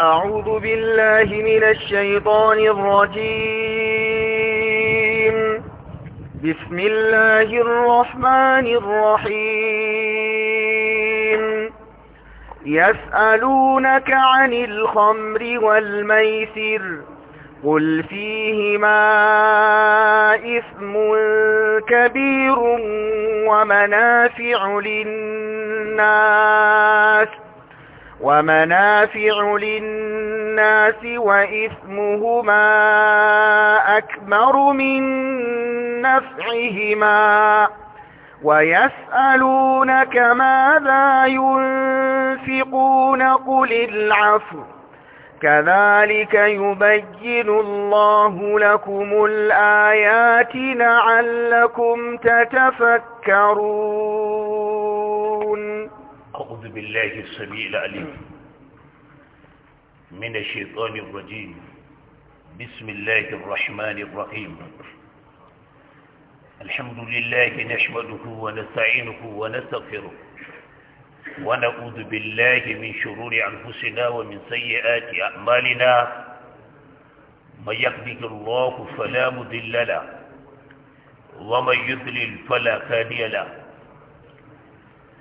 أعوذ بالله من الشيطان الرجيم بسم الله الرحمن الرحيم يسألونك عن الخمر والميسر قل فيهما إثم كبير ومنافع للناس ومنافع للناس وإثمهما أكبر من نفعهما ويسألونك ماذا ينفقون قل العفو كذلك يبين الله لكم الآيات لعلكم تتفكرون أعوذ بالله السميع العليم من الشيطان الرجيم بسم الله الرحمن الرحيم الحمد لله نحمده ونستعينه ونستغفره ونعوذ بالله من شرور أنفسنا ومن سيئات أعمالنا من يهده الله فلا مضل له ومن يضلل فلا هادي له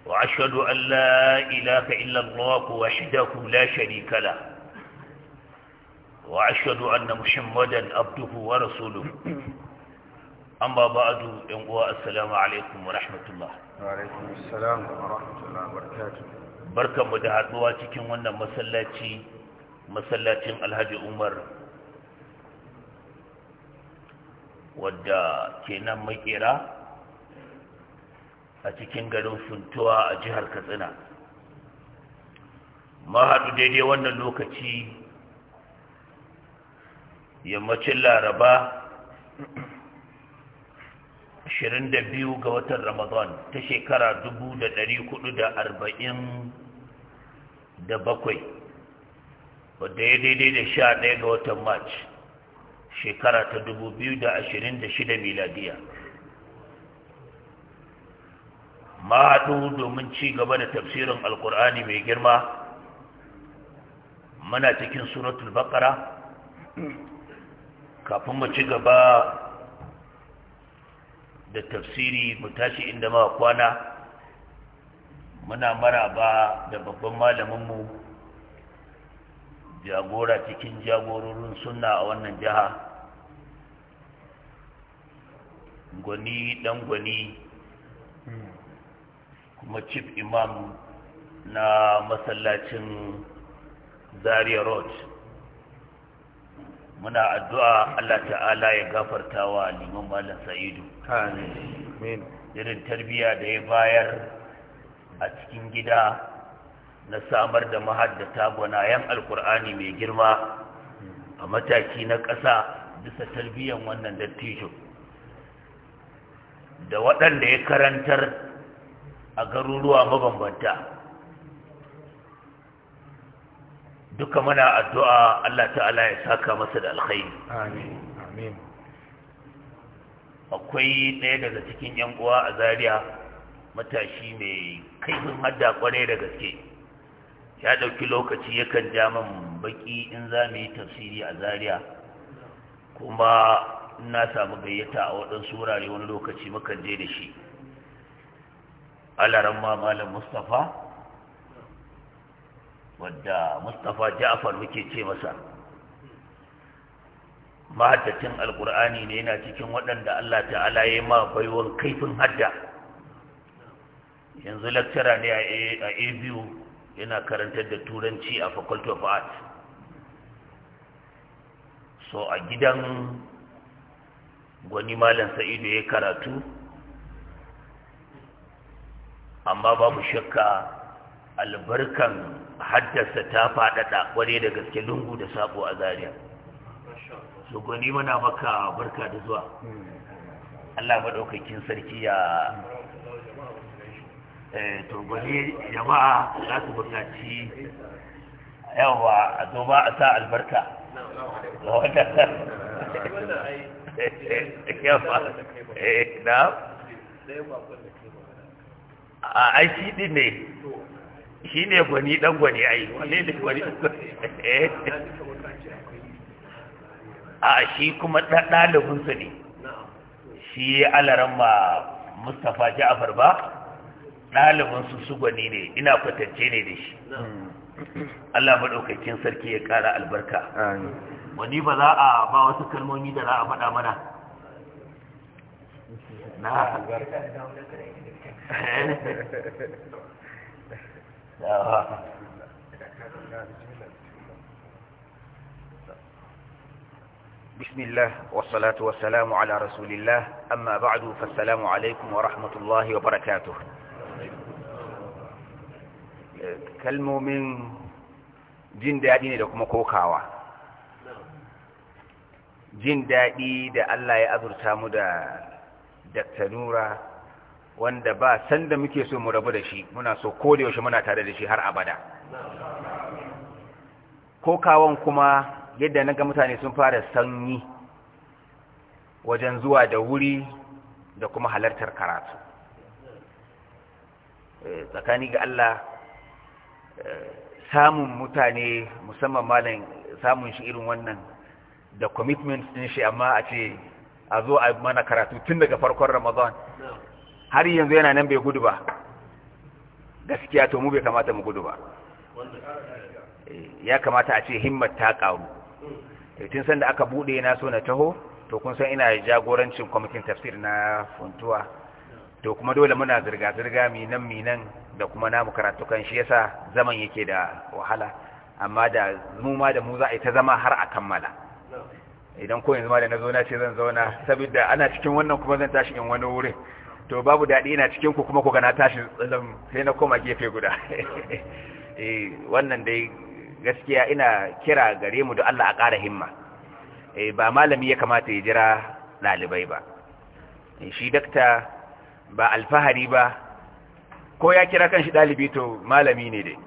وأشهد أن لا إله إلا الله وحده لا شريك له وأشهد أن محمدا عبده ورسوله أما بعد ينقوى السلام عليكم ورحمة الله وعليكم السلام ورحمة الله وبركاته بركة مدهات واتكم وانا مسلاتي مسلاتي الهج عمر ودى كينا مكيرا a cikin garin funtuwa a jihar katsina mahaɗu daidai wannan lokaci yammacin laraba 22 ga watan ramadan ta shekara 447 wadda ya daidai da sha ɗaya ga watan march shekara ta 2026 miladiya ma domin ci gaba da tafsirin alkur'ani mai girma muna cikin suratul baqara kafin mu ci gaba da tafsiri mu tashi inda ma kwana muna maraba da babban malaminmu jagora cikin jagororin sunna a wannan jiha gwani dan gwani hmm. kuma chief imam na masallacin zaria road muna addu'a Allah ta'ala ya gafarta wa liman malam sa'idu irin tarbiya da ya bayar a cikin gida na samar da mahaddata gwanayen alkur'ani mai girma a mataki na ƙasa bisa tarbiyan wannan dattijo da waɗanda ya karantar a garuruwa mabambanta duka mana addu'a Allah ta'ala ya saka masa da alkhairi amin akwai ɗaya daga cikin yan uwa a Zariya matashi mai kaifin hadda kwarai da gaske ya ɗauki lokaci yakan ja man baki in za mu yi tafsiri a Zariya kuma na samu gayyata a waɗansu wurare wani lokaci mukan je da shi alaran ma malam mustafa wadda mustafa ja'far muke ce masa mahaddacin alkur'ani ne yana cikin waɗanda allah ta'ala ya ma baiwan kaifin hadda yanzu lecturer ne a abu yana karantar da turanci a faculty of art so a gidan gwani malam sa'idu ya karatu amma babu shakka albarkan haddasa ta faɗaɗa ƙware da gaske lungu da sabo a zariya so gwani mana maka barka da zuwa allah maɗaukakin sarki ya eh, to gwani jama'a za su buƙaci yawa a zo ba a sa albarka ga a ai shi ne shi ne gwani ɗan gwani ai wane ne gwani eh. a shi kuma ɗalibinsa ne shi alaran ma mustapha ja'afar ba ɗalibinsu su gwani ne ina kwatance ne da shi Allah maɗaukakin sarki ya ƙara albarka wani ba za a ba wasu kalmomi da za a faɗa mana na بسم الله والصلاة والسلام على رسول الله أما بعد فالسلام عليكم ورحمة الله وبركاته كلمه من جن ne لكم كوكاوا جن دادي دا الله يأذر تامدا دكتنورا wanda ba sanda muke so mu rabu da shi muna so ko da yaushe muna tare da shi har abada ko kawon kuma yadda na ga mutane sun fara sanyi wajen zuwa da wuri da kuma halartar karatu eh, tsakani ga Allah eh, samun mutane musamman malin samun shi irin wannan da commitment din shi amma a ce a zo a mana karatu tun daga farkon Ramadan har yanzu yana nan bai gudu ba gaskiya to mu bai kamata mu gudu ba eh, ya kamata a ce himmat ta karu eh, tun san da aka bude na so na taho to kun san ina jagorancin kwamitin tafsir na funtuwa to kuma dole muna zirga-zirga minan minan da kuma namu karatu kan shi yasa zaman yake da wahala amma da mu ma da mu za a yi ta zama har a kammala idan ko yanzu ma da na zo na ce zan zauna saboda ana cikin wannan kuma zan tashi in wani wurin to babu daɗi ina cikin ku kuma ku gana tashi tsallon sai na koma gefe guda eh, wannan dai gaskiya ina kira gare mu da Allah a ƙara himma eh, ba malami ya kamata ya jira ɗalibai ba eh, shi dakta ba alfahari ba ko ya kira kan shi ɗalibi to malami ne dai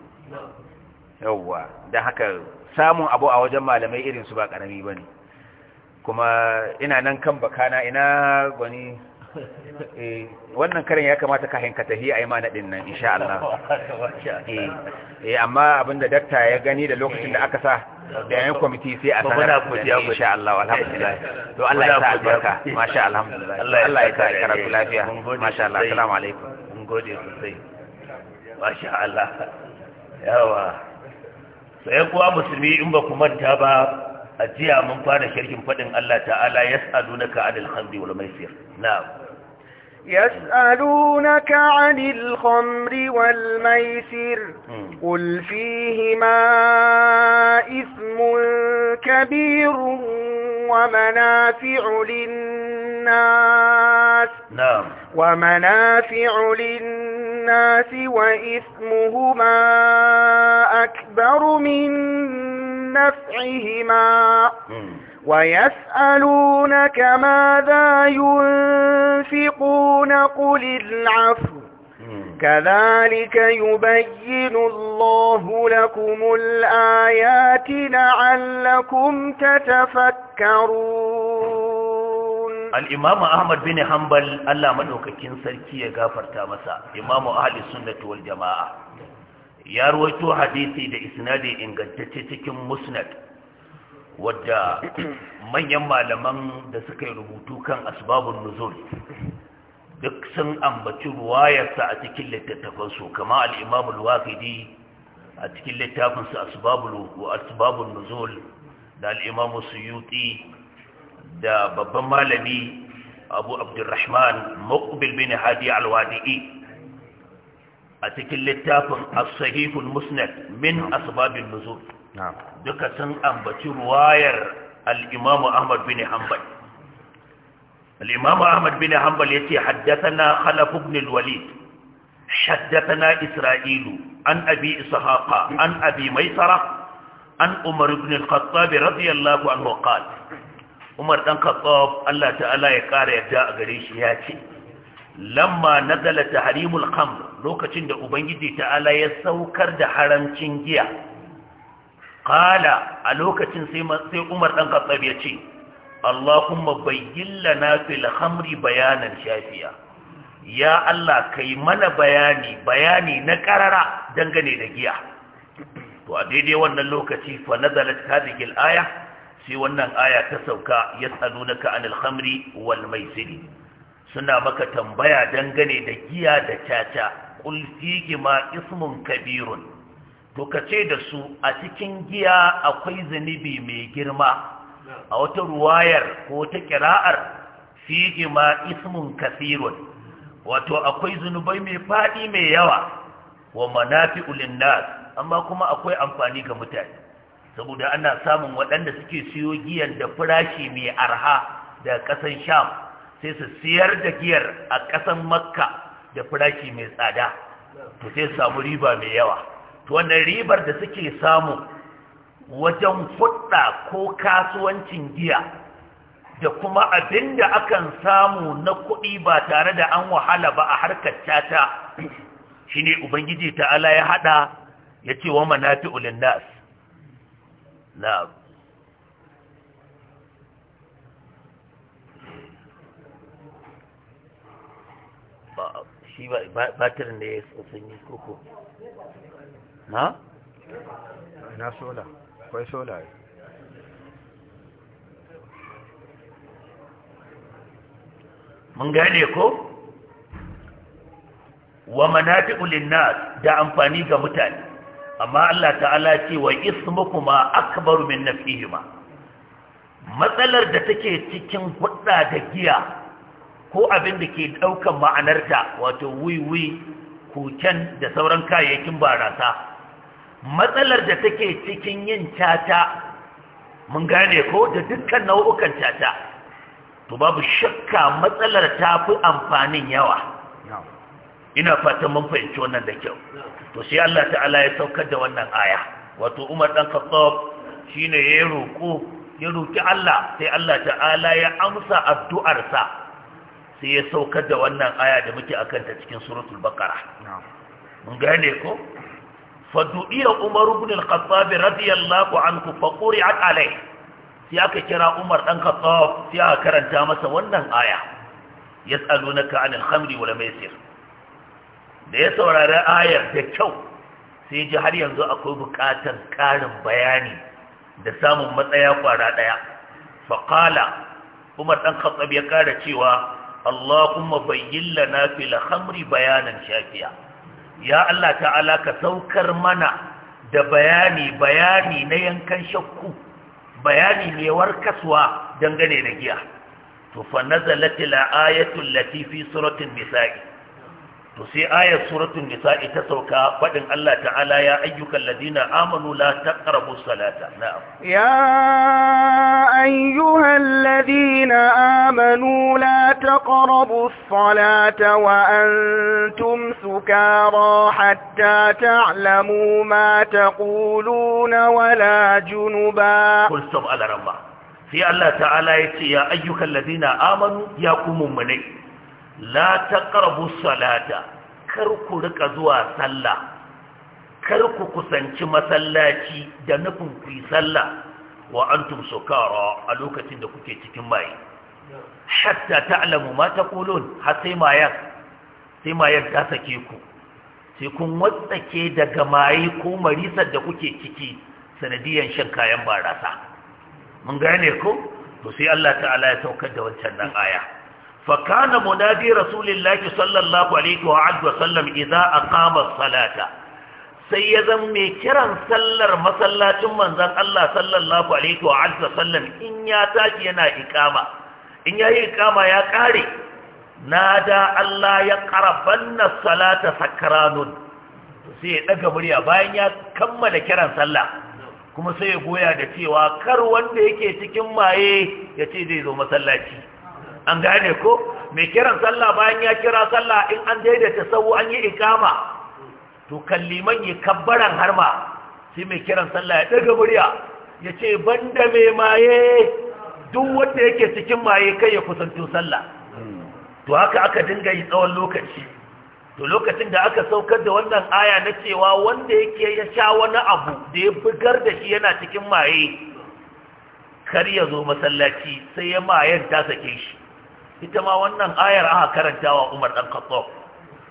yauwa don haka samun abu a wajen malamai irinsu ba ƙarami ba ne kuma ina nan kan bakana ina gwani Eh, wannan karin ya kamata ka hanka a imana din nan insha Allah eh, eh amma abinda dakta ya gani da lokacin da aka sa da yayin kwamiti sai a sanar insha Allah alhamdulillah to Allah ya sa albarka masha Allah Allah ya sa karatu lafiya masha Allah assalamu alaikum mun gode sosai masha Allah yawa sai kuwa musulmi in ba ku manta ba a jiya mun fara shirkin fadin Allah ta'ala yas'alunaka 'anil khamri wal maisir na'am يسألونك عن الخمر والميسر قل فيهما إثم كبير ومنافع للناس نعم ومنافع للناس وإثمهما أكبر من نفعهما ويسألونك ماذا ينفقون قل العفو كذلك يبين الله لكم الآيات لعلكم تتفكرون الإمام أحمد بن حنبل الله من ككين سركي غافرتا تامسا إمام أهل السنة والجماعة ya ruwaito hadisi da isnadi ingantacce cikin musnad wadda manyan malaman da suka yi rubutu kan asbabun nuzul duk sun ambaci ruwayarsa a cikin littattafansu kama al'imamu al-waqidi a cikin littafinsa asbabun nuzul da al'imamu suyuti da babban malami abu abdurrahman muqbil bin hadi al-wadi'i a cikin littafin as-sahihul musnad min asbabin nuzul duka sun ambaci ruwayar Alimamu imam Ahmad bin Hanbal Alimamu Ahmad bin Hanbal yace haddathana Khalaf ibn al-Walid haddatana Isra'ilu an abi Ishaqa an abi Maisara an Umar ibn al-Khattab radiyallahu anhu qala Umar dan Khattab Allah ta'ala ya kara yadda a gare shi yace lamma nazala tahrimul khamr lokacin da ubangiji ta'ala ya saukar da haramcin giya qala a lokacin sai sai Umar dan Khattab ya ce Allahumma bayyin lana fil khamri bayanan shafiya ya Allah kai mana bayani bayani na karara dangane da giya to a daidai wannan lokaci fa nazalat hadhihi al-aya sai wannan aya ta sauka yas'alunaka anil khamri wal maisiri suna maka tambaya dangane da giya da caca kul ma ismun kabirun to kace da su a cikin giya akwai zunubi mai girma a wata ruwayar ko ta kira'ar fihi ma ismun kasirun wato akwai zunubai mai faɗi mai yawa wa manafi'ul linnas amma kuma akwai amfani ga mutane saboda ana samun waɗanda suke siyo giyan da farashi mai arha da ƙasan sham sai su siyar da giyar a ƙasan makka da firashi mai tsada to sai samu riba mai yawa to wannan ribar da suke samu wajen hudda ko kasuwancin giya da kuma abin da akan samu na kuɗi ba tare da an wahala ba a harkar cata shine ne ubangiji ta'ala ya haɗa ya ce wa manafi ulinnas na shi ba batirin da ya sanyi koko na? na sola kwai sola ya mun gane ko? wa manafi'u linnas da amfani ga mutane amma Allah ta'ala ce wa ismukuma akbaru min nafihima matsalar da take cikin hudda da giya ko abin da ke ɗaukan ma'anarta wato wiwi koken da sauran kayayyakin barasa matsalar da take cikin yin cata mun gane ko da dukkan nau'ukan cata to babu shakka matsalar ta fi amfanin yawa ina fatan mun fahimci wannan da kyau to sai Allah ta'ala ya saukar da wannan aya wato Umar dan Khattab shine ya roko ya roki Allah sai Allah ta'ala ya amsa addu'arsa sai ya saukar da wannan aya da muke akan ta cikin suratul baqara mun gane ko fadu'iya umar ibn al-khattab radiyallahu anhu fa quri'at alai sai aka kira umar dan khattab sai aka karanta masa wannan aya yas'alunaka 'anil khamri wal maisir da ya saurari ayar da kyau sai ji har yanzu akwai bukatar karin bayani da samun matsaya kwara daya qala umar dan khattab ya kara cewa Allahumma bayyin lana fil khamri bayanan shafiya ya Allah ta'ala ka saukar mana da bayani bayani na yankan shakku bayani ne warkaswa dangane da giya to fa nazalat al ayatu allati fi suratul nisa'i to sai ayar suratul nisa'i ta sauka faɗin Allah ta'ala ya ayyukan ladina amanu la taqrabu salata na'am ya ayyuhal ladina amanu la taqrabu salata wa antum sukara hatta ta'lamu ma taquluna wala junuba kul sab alaramma sai Allah ta'ala yace ya ayyukan ladina amanu ya kumummunai la taqrabu salata kar ku rika zuwa sallah kar ku kusanci masallaci da nufin ku yi sallah wa antum sukara a lokacin da kuke cikin maye hatta ta ma taqulun har sai mayan sai mayan ta sake ku sai kun watsake daga maye ko marisar da kuke ciki sanadiyan shan kayan barasa mun gane ko to sai Allah ta'ala ya saukar da wancan nan aya فكان منادي رسول الله صلى الله عليه وآله وسلم إذا أقام الصلاة سيزم ميكران سلر مسلاة من ذن الله صلى الله عليه وآله وسلم إن ياتاكينا إقامة إن يهي إقامة يا كاري نادى الله يقربن الصلاة سكران sai ya daga murya bayan ya kammala kiran sallah kuma sai ya goya da cewa kar wanda yake cikin maye ya ce zai zo masallaci an gane ko mai kiran sallah bayan ya kira sallah in an daidaita sau an yi ikama to kalliman yi kabbaran harma sai mai kiran sallah ya daga murya ya ce banda mai maye duk wanda yake cikin maye kai ya kusanto sallah to haka aka dinga yi tsawon lokaci to lokacin da aka saukar da wannan aya na cewa wanda yake ya sha wani abu da ya bugar da shi yana cikin maye kar ya zo masallaci sai ya mayen ta sake shi ita ma wannan ayar aka karanta wa Umar dan Khattab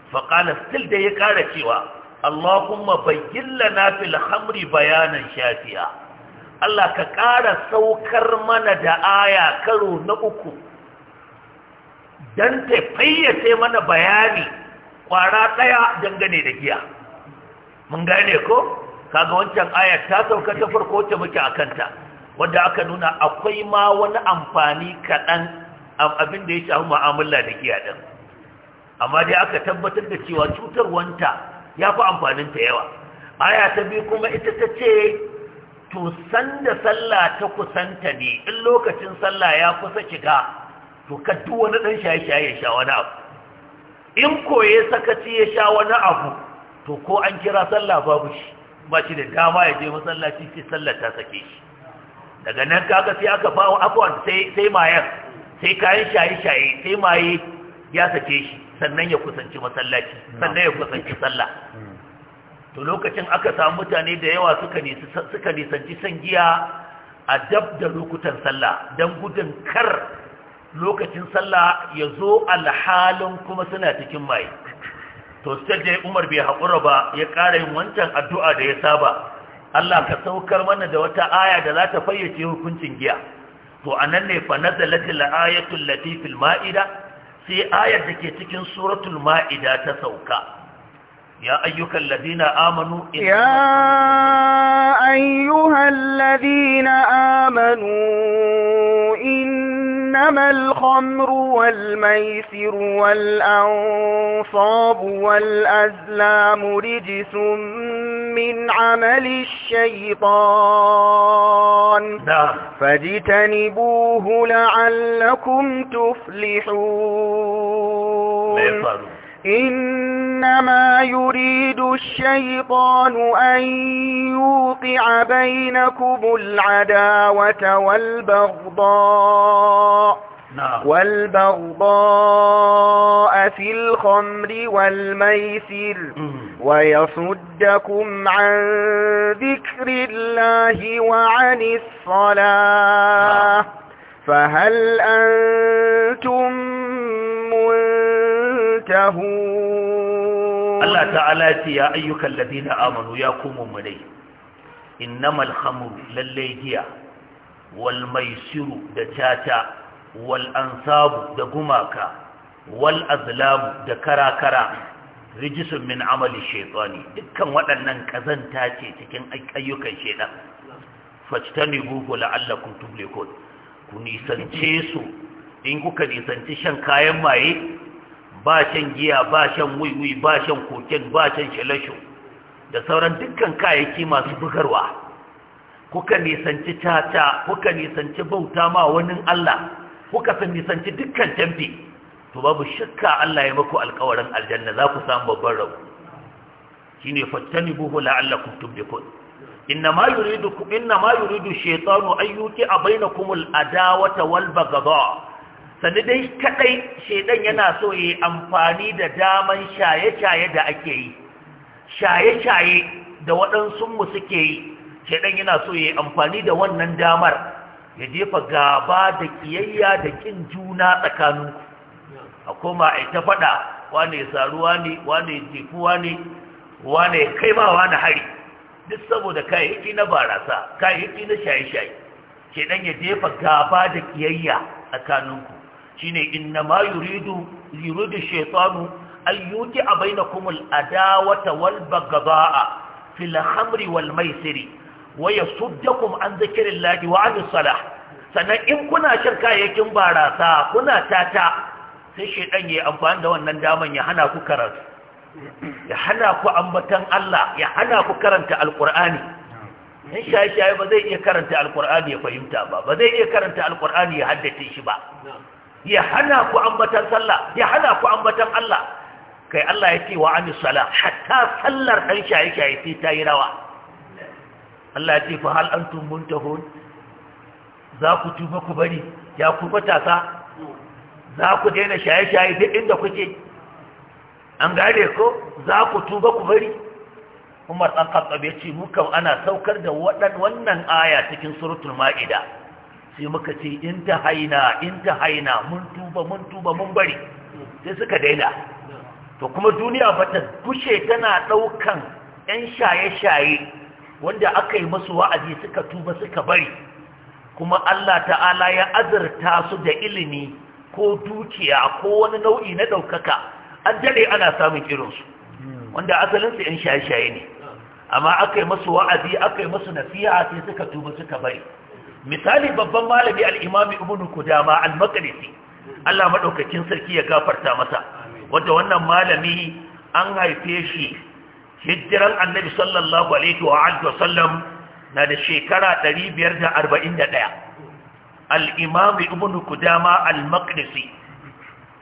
fa qala still da ya ƙara cewa Allahumma bayyin lana fil khamri bayanan shafiya Allah ka kara saukar mana da aya karo na uku dan ta fayyace mana bayani kwara daya dangane da giya mun gane ko kaga wancan ayar ta sauka ta farko ta muke akanta wanda aka nuna akwai ma wani amfani kaɗan abin da ya shafi mu'amala da giya din amma dai aka tabbatar da cewa cutar wanta ya fi amfanin ta yawa aya ta biyu kuma ita ta ce to sanda sallah ta kusanta ne in lokacin sallah ya kusa shiga to ka duk wani dan shaye-shaye ya sha wani abu in koye sakaci ya sha wani abu to ko an kira sallah babu shi ba shi da dama ya je masallaci sai sallah ta sake shi daga nan kaga sai aka bawa afwan sai sai mayar sai kayan shaye-shaye sai maye ya sake shi sannan ya kusanci masallaci sannan ya kusanci sallah to lokacin aka samu mutane da yawa suka nisanci san giya a dab da lokutan sallah don gudun kar lokacin sallah ya zo alhalin kuma suna cikin maye to da umar bai haƙura ba ya ƙara yin wancan addu'a da ya saba Allah ka saukar mana da wata aya da za ta fayyace hukuncin giya to anan ne fa nazalat al-ayatu allati fil ma'ida sai ayar da ke cikin suratul ma'ida ta sauka يا أيها الذين آمنوا يا أيها الذين آمنوا إنما الخمر والميسر والأنصاب والأزلام رجس من عمل الشيطان نعم فاجتنبوه لعلكم تفلحون إنما يريد الشيطان أن يوقع بينكم العداوة والبغضاء نعم. والبغضاء في الخمر والميسر ويصدكم عن ذكر الله وعن الصلاة نعم. فهل أنتم منتهون الله تعالى يا أيها الذين آمنوا يا كوم مني إنما الخمر للليجية والميسر دتاتا wal'ansabu da gumaka wal azlam da karakara rijisun min amali shaitani dukkan waɗannan kazanta ce cikin ayyukan shaitan fajtani buhu la'allakum tuflihun ku nisance su in kuka nisanci shan kayan maye ba shan giya ba shan wuiwui ba shan koken ba shan shalashu da sauran dukkan kayayyaki masu bugarwa kuka nisanci tata kuka nisanci bauta ma wani Allah kuka san nisanci dukkan tambi to babu shakka Allah ya maku alƙawarin aljanna za ku samu babban rabo shine buhu la'allakum tuflihun إنما يريد إنما يريد a أن wata walba العداوة Sani dai kadai shedan yana so yi amfani da daman shaye-shaye da ake yi shaye-shaye da waɗansu mu suke yi shedan yana so yi amfani da wannan damar ya jefa gaba da kiyayya da kin juna tsakanin a koma a ta faɗa wane ya saru wane wane ya jefu wane wane ya kai ma wane hari duk saboda kayayyaki na barasa kayayyaki na shaye-shaye ke ɗan ya jefa gaba da kiyayya tsakaninku shine inna ma yuridu yuridu shaytanu an yuti a bainakumul adawata wal bagaba'a fil khamri wal maisiri wa yasuddakum an zikrillahi wa anis salah sannan in kuna cin kayayyakin barasa kuna tata sai shedan yayi amfani da wannan daman ya hana ku karatu ya hana ku ambatan Allah ya hana ku karanta alqur'ani in shaye-shaye ba zai iya karanta alqur'ani ya fahimta ba ba zai iya karanta alqur'ani ya haddace shi ba ya hana ku ambatan sallah ya hana ku ambatan Allah kai Allah ya ce wa anis salah hatta sallar dan shaye-shaye sai ta yi rawa Allah ya ce fa hal antum muntahun za ku tuba ku bari ya ku matasa za ku daina shaye-shaye duk inda kuke an gane ko za ku tuba ku bari Umar dan Khattab ya ce muka ana saukar da wannan aya cikin suratul Ma'ida sai muka ce in ta haina in ta haina mun tuba mun tuba mun bari sai suka daina to kuma duniya bata gushe tana ɗaukan 'yan shaye-shaye wanda aka yi masu wa'azi suka tuba suka bari kuma Allah ta'ala ya azurta su da ilimi ko dukiya ko wani nau'i na ɗaukaka an dare ana samun irinsu wanda asalinsu ‘yan shaye-shaye ne amma aka yi masu wa'azi aka yi masu nasiha sai suka tuba suka bari misali babban malami al'imami ibn kudama al makarisi Allah maɗaukakin sarki ya gafarta masa wanda wannan malami an haife shi hijiran annabi sallallahu alaihi wa sallam na da shekara 541 al-imam ibn kudama al-maqdisi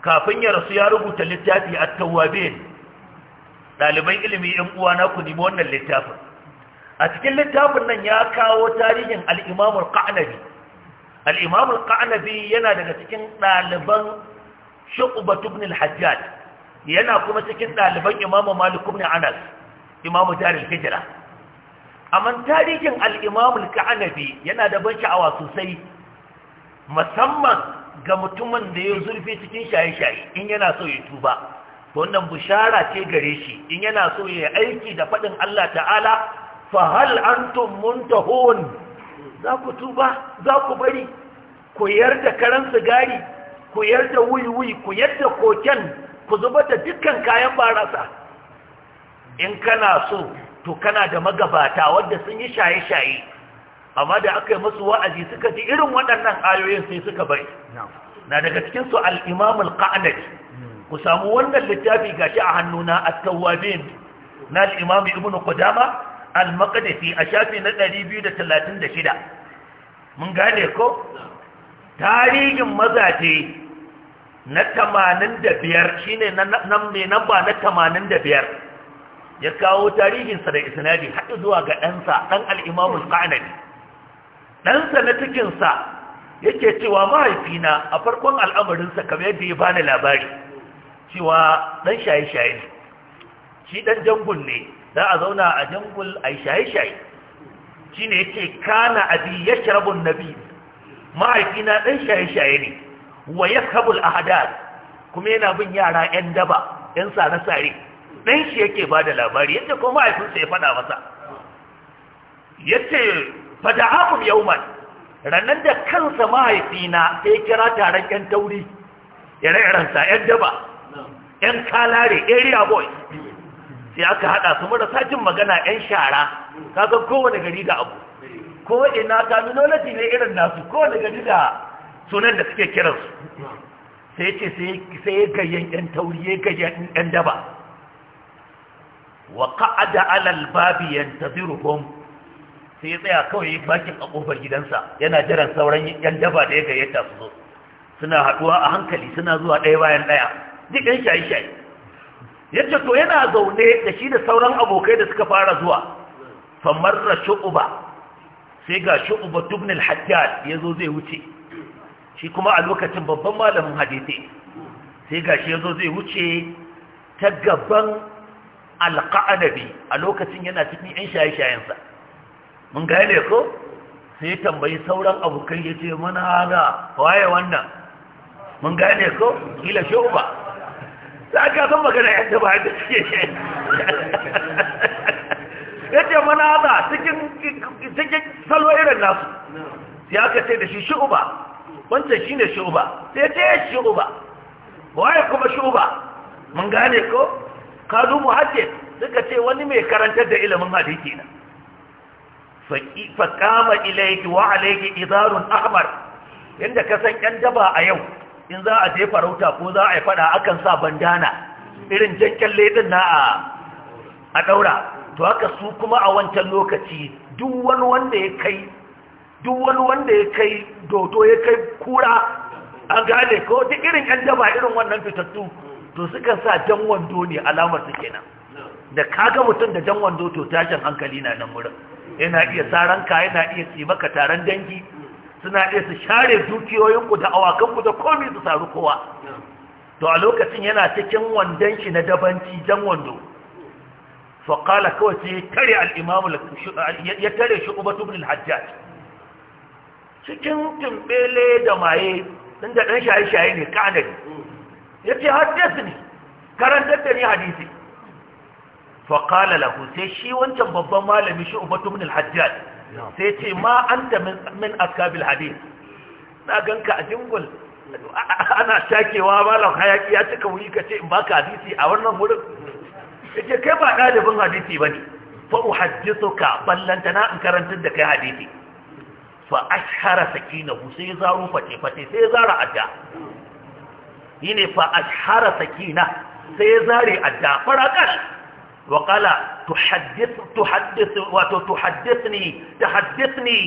kafin ya rasu ya rubuta littafi at-tawabin daliban ilimi yan uwana ku nemi wannan littafin a cikin littafin nan ya kawo tarihin al-imam al-qanabi yana daga cikin ɗaliban shu'bah ibn al yana kuma cikin ɗaliban imam malik anas imamu taril hijra amma tarihin al'imamul ka'anabi yana da ban sha'awa sosai musamman ga mutumin da ya zurfi cikin shaye-shaye in yana so ya tuba wannan bushara ce gare shi in yana so ya aiki da faɗin Allah ta'ala fa hal antum muntahun za ku tuba za ku bari ku yarda karan sigari ku yarda wuyi-wuyi ku yarda koken ku zubar da dukkan kayan barasa in kana so to kana da magabata wadda sun yi shaye-shaye amma da aka yi musu wa'azi suka ji irin waɗannan ayoyin sai suka bari na daga cikin su al-imam al hmm. ku samu wannan littafi gashi a hannuna at-tawwabin na al-imam ibn qudama al-maqdisi a shafi na 236 mun gane ko tarihin mazaje na 85 shine na nan ba namba na 85 ya kawo tarihinsa da isnadi haɗu zuwa ga ɗansa ɗan al'imamun ƙanani ɗansa na cikinsa yake cewa mahaifina a farkon al'amarinsa kamar yadda ya bani labari cewa ɗan shaye-shaye ne shi ɗan jangun ne za a zauna a jangun a shaye-shaye shi ne yake kana abi ya sharabun nabi mahaifina ɗan shaye-shaye ne wa ya kabul ahadar kuma yana bin yara 'yan daba 'yan sare-sare ɗan shi yake ba da labari yadda ko mahaifinsa ya faɗa masa yace fada'ahum yawman ranar da kansa mahaifina yi kira taron yan tauri ire-irensa yan daba yan kalare area boy sai aka haɗa su marasa jin magana yan shara kaga kowane gari da abu ko ina terminology ne irin nasu kowane gari da sunan da suke kiransu sai ce sai ya gayyan yan tauri ya gayyan yan daba wa qa'ada alal albabi yantaziruhum sai ya tsaya kawai bakin a kofar gidansa yana jiran sauran yan daba da ya gayyata su zo suna haduwa a hankali suna zuwa ɗaya bayan ɗaya duk yan shayi shayi yace to yana zaune da shi da sauran abokai da suka fara zuwa da shu'uba sai ga shu'uba ibn al ya yazo zai wuce shi kuma a lokacin babban malamin hadisi sai ga shi yazo zai wuce ta gaban alƙa'adabi a lokacin yana cikin ‘yan shaye-shayensa mun ne ko sai tambayi sauran abokai ya ce mana haga waye wannan mun ne ko gila uba. za a san magana yadda ba da suke shi ya ce mana haga cikin salwa irin nasu sai aka ce da shi uba. wancan shi ne shoba sai ce shoba waye kuma uba? mun gane ko kalu muhaddis suka ce wani mai karantar da ilimin hadisi na fa kama ilayki wa alayki idarun ahmar yanda ka san yan daba a yau in za a je farauta ko za a yi fada akan sa bandana irin jankan ledin na a daura to haka su kuma a wancan lokaci duk wani wanda ya kai duk wani wanda ya kai dodo ya kai kura an gane ko duk irin yan daba irin wannan fitattu to suka sa jan wando ne alamar su kenan da kaga mutum da jan wando to tashin hankali na nan wurin yana iya saran ka yana iya ci maka taron dangi suna iya su share dukiyoyin ku da awakan ku da komai su saru kowa to a lokacin yana cikin wandon shi na dabanci jan wando fa qala kawai sai tare al-imam ya tare shi ubat ibn al-hajjaj cikin tumbele da maye inda dan shaye shaye ne kanadi ya ce haddasa ne karantar da ni hadisi faƙala lahu sai shi wancan babban malami shi ubatu min alhajjaj sai ce ma an da min askabil hadis na ganka a jingul ana shakewa malam hayaki ya cika wuri ka ce in baka hadisi a wannan wurin ce kai ba ɗalibin hadisi ba ne fa ka ballanta na in karantar da kai hadisi fa ashara sakina sai ya zaro fate fate sai ya zara adda shine fa ashara sakina sai ya zare adda farakal wa qala tuhaddith tuhaddith wa tuhaddithni tuhaddithni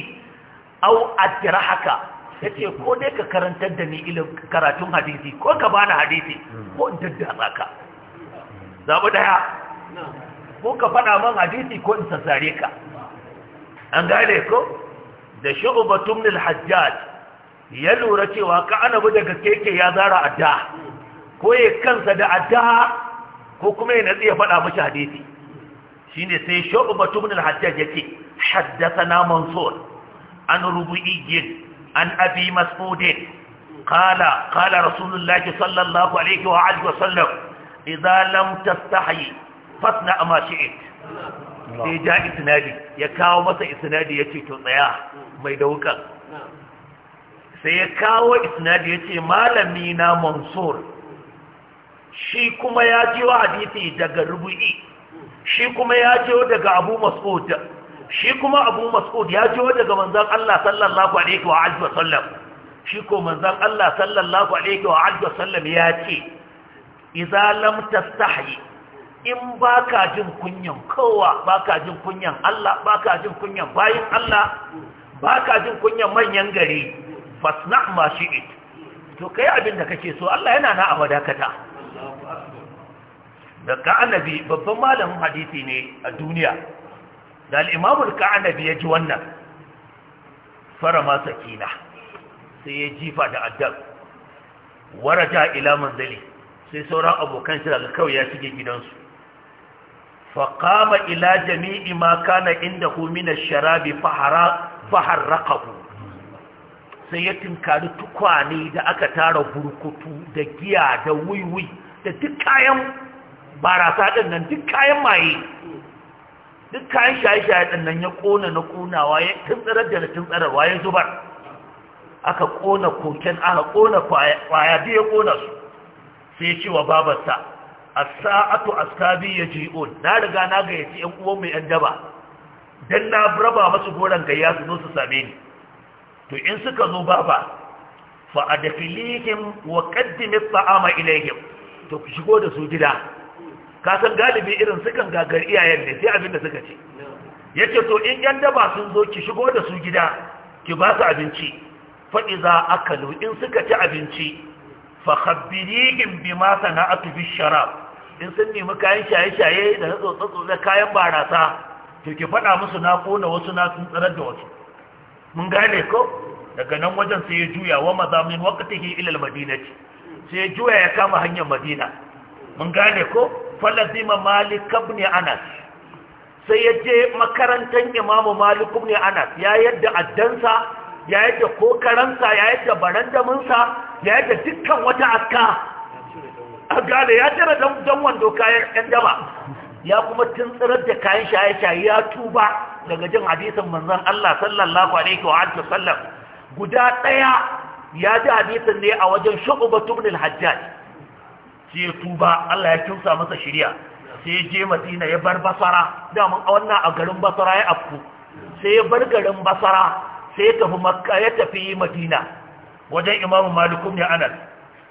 haka? adrahaka ce ko dai ka karantar da ni ilimin karatun hadisi ko ka bani hadisi ko in daddatsa ka zabu ɗaya? ko ka faɗa man hadisi ko in sassare ka an gane ko da shu'batun lil hajjaj ya lura cewa ka ana da daga keke ya zara adda ko ya kansa da adda ko kuma ya natsi ya faɗa mashi hadisi shine sai shu'ba batun al-hajjaj yake haddathana mansur an rubu'iyyin an abi mas'udin qala qala rasulullahi sallallahu alaihi wa alihi wa sallam idza lam tastahi fasna ma shi'it sai ja isnadi ya kawo masa isnadi yace to tsaya mai dauka sai ya kawo isnadi ya ce malami na mansur shi kuma ya jiwa hadisi daga rubu'i shi kuma ya jiwa daga abu mas'ud shi kuma abu mas'ud ya jiwa daga manzan Allah sallallahu alaihi wa alihi sallam shi ko manzan Allah sallallahu alaihi wa alihi sallam ya ce idza lam tastahi in baka jin kunyan kowa baka jin kunyan Allah baka jin kunyan bayin Allah baka jin kunyan manyan gari fasna ma shi'it to kai abin da kake so Allah yana na a wadakata da ka'anabi babban malamin hadisi ne a duniya da al'imamul ka'anabi ya ji wannan fara masa kina sai ya jifa da addab waraja ila manzali sai sauran abokan shi daga kawai ya shige gidansu faƙama ila jami'i ma kana inda kumina sharabi faharraƙahu sai ya tinkari tukwane da aka tara burkutu da giya da wiwi da duk kayan barasa ɗin nan duk kayan maye duk kayan shaye-shaye ɗin nan ya ƙona na ƙonawa ya tuntsarar da na tuntsararwa ya zubar aka ƙona koken aka ƙona kwaya ya ƙona su sai ya ce wa babarsa a sa'atu sabi ya ji on, na riga na gayyaci 'yan uwan mai 'yan daba don na raba masu goron gayya su zo su same ni to in suka zo baba fa adfilihim wa qaddim at'ama ilayhim to ku shigo da su gida ka san galibi irin sukan gagar iyayen ne sai abin da suka ce yace to in yan daba sun zo ki shigo da su gida ki ba su abinci fa iza akalu in suka ci abinci fa khabbirihim bima sana'atu bisharab in sun nemi kayan shaye-shaye da na tsotso da kayan barasa to ki faɗa musu na kona wasu na tsuntsirar da wasu mun gane ko daga nan wajen sai ya juya wa mazamin waqtihi ila almadinati sai ya juya ya kama hanyar madina mun gane ko falazima malik ibn anas sai ya je makarantar imamu malik ibn anas ya yadda addansa ya yadda kokaransa ya yadda barandaminsa ya yadda dukkan wata aska a gane ya tara dan wando kayan yan daba ya kuma tuntsirar da kayan shaye-shaye ya tuba daga jin hadisin manzon Allah sallallahu alaihi wa Sallam, guda daya ya ji hadisin ne a wajen Shu'bah ibn al-Hajjaj sai ya tuba Allah ya kinsa masa shari'a sai ya je Madina ya bar Basra mun a wannan a garin Basra ya afku sai ya bar garin Basra sai ya tafi Makka ya tafi Madina wajen Imam Malik ibn Anas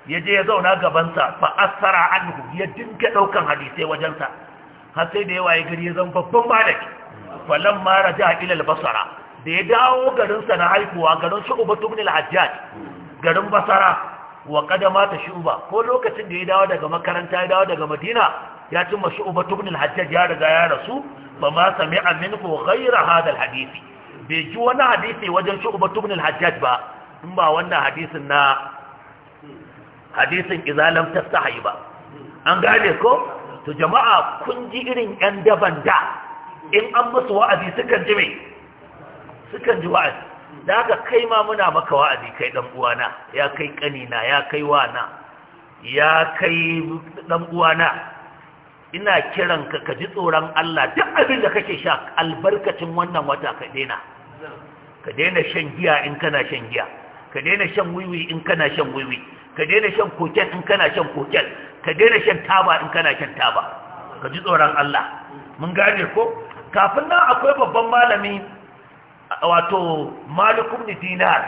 ya je ya zauna gabansa fa asara anhu ya dinka daukan hadisai sa har sai da yawa ya gari ya zama babban malaki falan mara ja ilal basara da ya dawo garinsa na haihuwa garin shu'uba tubni hajjaj garin basara wa kadama ta shu'uba ko lokacin da ya dawo daga makaranta ya dawo daga madina ya cimma shu'uba tubni al-hajjaj ya riga ya rasu ba ma sami minhu ghayra hadha hadisi bai ji wani hadisi wajen shu'uba tubni hajjaj ba in ba wannan hadisin na hadisin izalam tastahi ba an gane ko to jama'a kun ji irin yan daban da in an musu wa'azi sukan ji mai sukan ji wa'azi da aka kai ma muna maka wa'azi kai dan uwana ya kai ƙanina, ya kai wana ya kai ɗan’uwana uwana ina kiran ka ka ji tsoron Allah duk abin da kake sha albarkacin wannan wata ka daina ka daina shan giya in kana shan giya ka daina shan wiwi in kana shan wiwi ka daina shan kokel in kana shan kokel. ka daina shan taba in kana shan taba ka ji tsoron Allah mun gane ko kafin nan akwai babban malami wato malikum ni dinar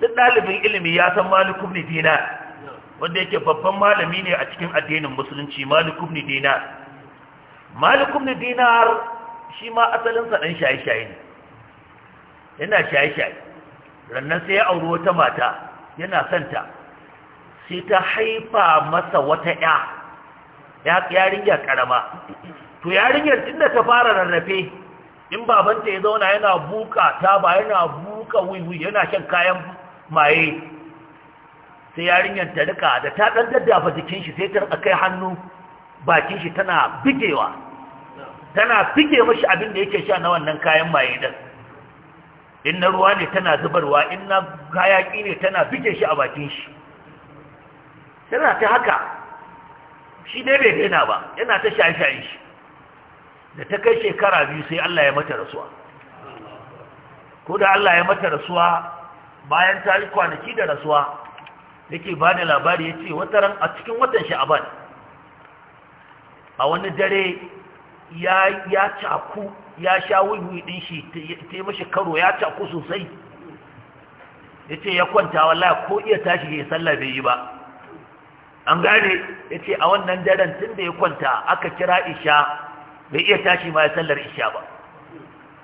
duk ɗalibin ilimi ya san malikum ni dinar wanda yake babban malami ne a cikin addinin musulunci malikum ni dinar malikum ni dinar shi ma asalinsa ɗan shaye-shaye ne yana shaye-shaye rannan sai ya auri wata mata yana santa sai ta haifa masa wata ya yarinya karama to yarinyar tunda ta fara rarrafe in babanta ya zauna yana buka ta ba yana buka wiwi yana shan kayan maye sai yarinyar ta rika da ta dan daddafa jikin shi sai ta rika kai hannu bakin shi tana bigewa tana fige mashi abin da yake sha na wannan kayan maye din in na ruwa ne tana zubarwa in na hayaki ne tana fige shi a bakin shi tana ta haka shi ne bai dena ba yana ta shaye-shaye shi da ta kai shekara biyu sai Allah ya mata rasuwa ko da Allah ya mata rasuwa bayan ta yi kwanaki da rasuwa yake ba da labari ya ce wata ran a cikin watan sha'aban a wani dare ya caku ya sha wuyi din shi ta yi mashi karo ya caku sosai ya ce ya kwanta wala ko iya tashi ya sallah bai yi ba an gane ya ce a wannan daren tun da ya kwanta aka kira isha bai iya tashi ma ya sallar isha ba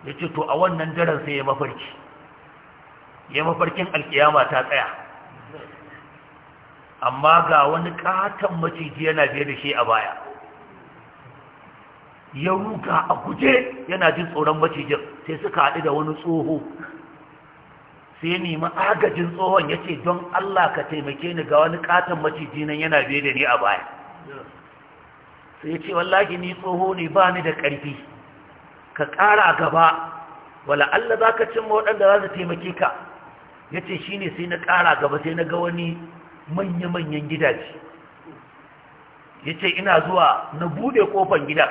ya ce to a wannan daren sai ya mafarki ya mafarkin alkiyama ta tsaya amma ga wani katon maciji yana biye da shi a baya ya ruka a guje yana jin tsoron macijin sai suka haɗu da wani tsoho sai ya nemi agajin tsohon ya ce don allah ka taimake ni ga wani katon maciji nan yana biye da ni a baya sai ya ce wallahi ni tsoho ne ba ni da ƙarfi ka ƙara gaba wala Allah za ka cimma waɗanda za su taimake ka ya ce shi ne sai na ƙara gaba sai na ga wani manya-manyan gidaje ya ce ina zuwa na buɗe ƙofan gida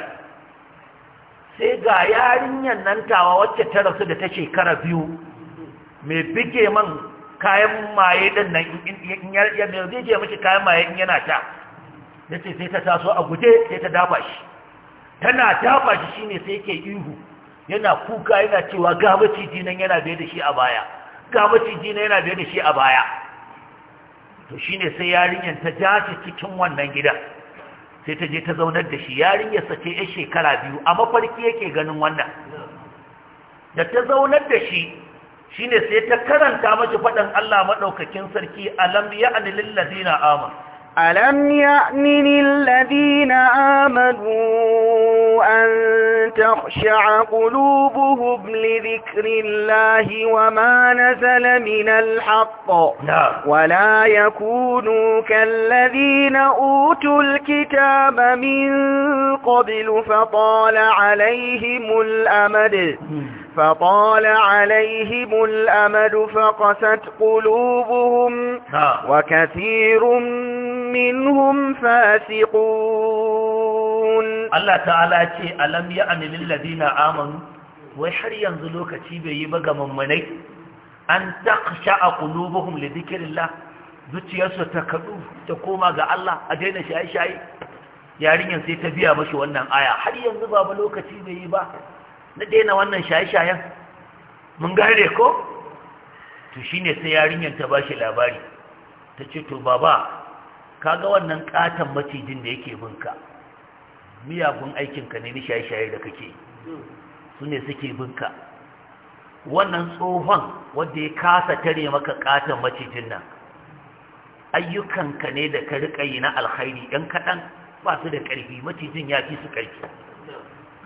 sai ga yarinyan nan tawa wacce ta rasu da ta shekara biyu mai bige man kayan maye ɗin nan zai kayan maye in yana ta yace sai ta taso a guje sai ta dafa shi tana dafa shi shine sai yake ihu yana kuka yana cewa ga maciji nan yana biye da shi a baya ga maciji nan yana biye da shi a baya to shine sai yarinyar ta ja shi cikin wannan gida sai ta je ta zaunar da shi yarinyarsa ce yar shekara biyu a mafarki yake ganin wannan da ta zaunar da shi shine sai ta karanta mashi faɗin Allah maɗaukakin sarki alam ya anilil ladina amanu ألم يأمن الذين آمنوا أن تخشع قلوبهم لذكر الله وما نزل من الحق نعم. ولا يكونوا كالذين أوتوا الكتاب من قبل فطال عليهم الأمد فطال عليهم الأمد فقست قلوبهم نعم. وكثير منهم فاسقون الله تعالى ألم يأ ani lillazina amanu wai har yanzu lokaci bai yi ba ga mummunai an taqsha'a qulubuhum li dhikrillah zuciyarsu ta kadu ta koma ga Allah a daina shaye-shaye yarinyar sai ta biya mashi wannan aya har yanzu ba lokaci bai yi ba na daina wannan shaye-shayen mun gare ko to shine sai yarinyar ta bashi labari ta ce to baba kaga wannan katon macijin da yake binka miyagun aikinka ne shaye-shaye da kake su ne suke binka wannan tsohon wanda ya kasa tare maka katon macijin nan ayyukanka ne da ka riƙa yi na alkhairi 'yan kaɗan ba su da ƙarfi macijin ya fi su ƙarfi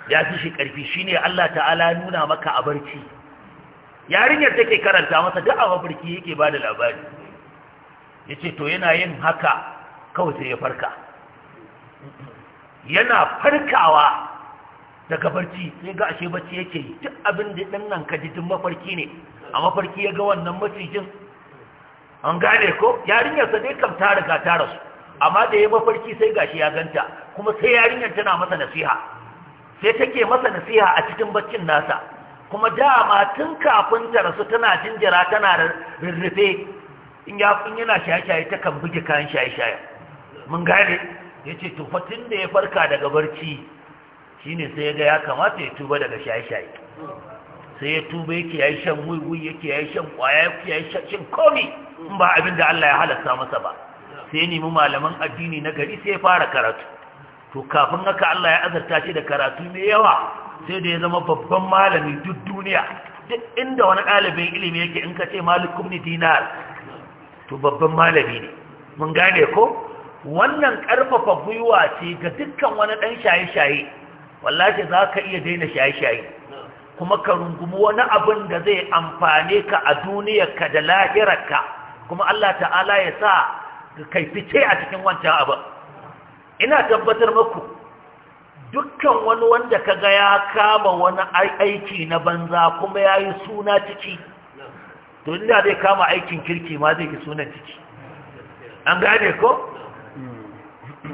ya fi shi ƙarfi shi ne Allah ta'ala nuna maka a barci yarinyar take karanta masa duk a mafarki yake ba da labari ya ce to yana yin haka kawai sai ya farka yana farkawa daga barci sai ga ashe barci yake yi duk abin da ɗan nan kajitin mafarki ne a mafarki ya ga wannan macijin an gane ko yarinyarsa dai kam ta riga ta rasu amma da ya mafarki sai gashi ya ganta kuma sai yarinyar tana masa nasiha sai take masa nasiha a cikin barcin nasa kuma dama tun kafin ta rasu tana jinjira tana rurrufe in ya kun yana shaye-shaye ta kan buge kayan shaye-shaye mun gane ya ce tufatin da ya farka daga barci shi ne sai ya ga ya kamata ya tuba daga shaye-shaye sai ya tuba yake ya yi shan wuiwui yake ya yi shan kwaya yake ya yi shan komi in ba abin da Allah ya halasta masa ba sai ya nemi malaman addini na gari sai ya fara karatu to kafin haka Allah ya azarta shi da karatu mai yawa sai da ya zama babban malami duk duniya duk inda wani ɗalibin ilimi yake in ka ce malik ni dinar to babban malami ne mun gane ko wannan ƙarfafa gwiwa ce ga dukkan wani ɗan shaye-shaye wallace za ka iya daina shaye-shaye kuma ka rungumi wani abin da zai amfane ka a duniyarka da lahirarka kuma Allah ta'ala ya sa kai fice a cikin wancan abu. ina tabbatar maku dukkan wani wanda ka ga ya kama wani aiki na banza kuma ya yi suna ciki to inda zai kama aikin kirki ma zai yi sunan ciki an gane ko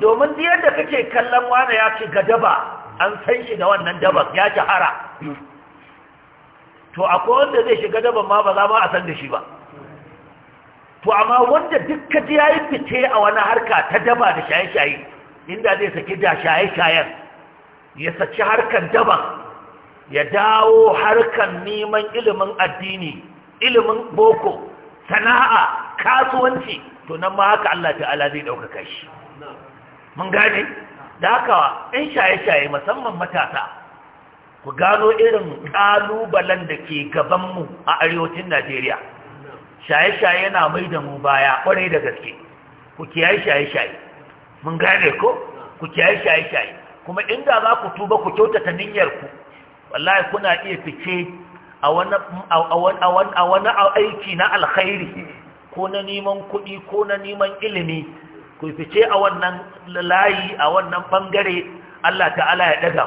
domin da yadda kake kallon wani ya ci ga daba an san shi da wannan daban, ya hara to akwai wanda zai shiga daba ma ba za ma a san da shi ba to amma wanda dukka ji ya yi fice a wani harka ta daba da shaye-shaye inda zai saki da shaye-shayen ya saki harkan daban ya dawo harkan neman ilimin addini ilimin boko sana'a kasuwanci to nan ma haka Allah ta'ala zai ɗaukaka shi mun gane da haka in shaye-shaye musamman matasa ku gano irin ƙalubalen da ke gabanmu a arewacin najeriya shaye-shaye yana mai da mu baya ƙwarai da gaske ku kiyaye shaye-shaye mun gane ko ku kiyaye shaye-shaye kuma inda za ku tuba ku kyautata niyyarku wallahi kuna iya fice a wani aiki na alkhairi ko na neman kuɗi ko na neman ilimi ku fice a wannan layi a wannan bangare Allah ta'ala ya daga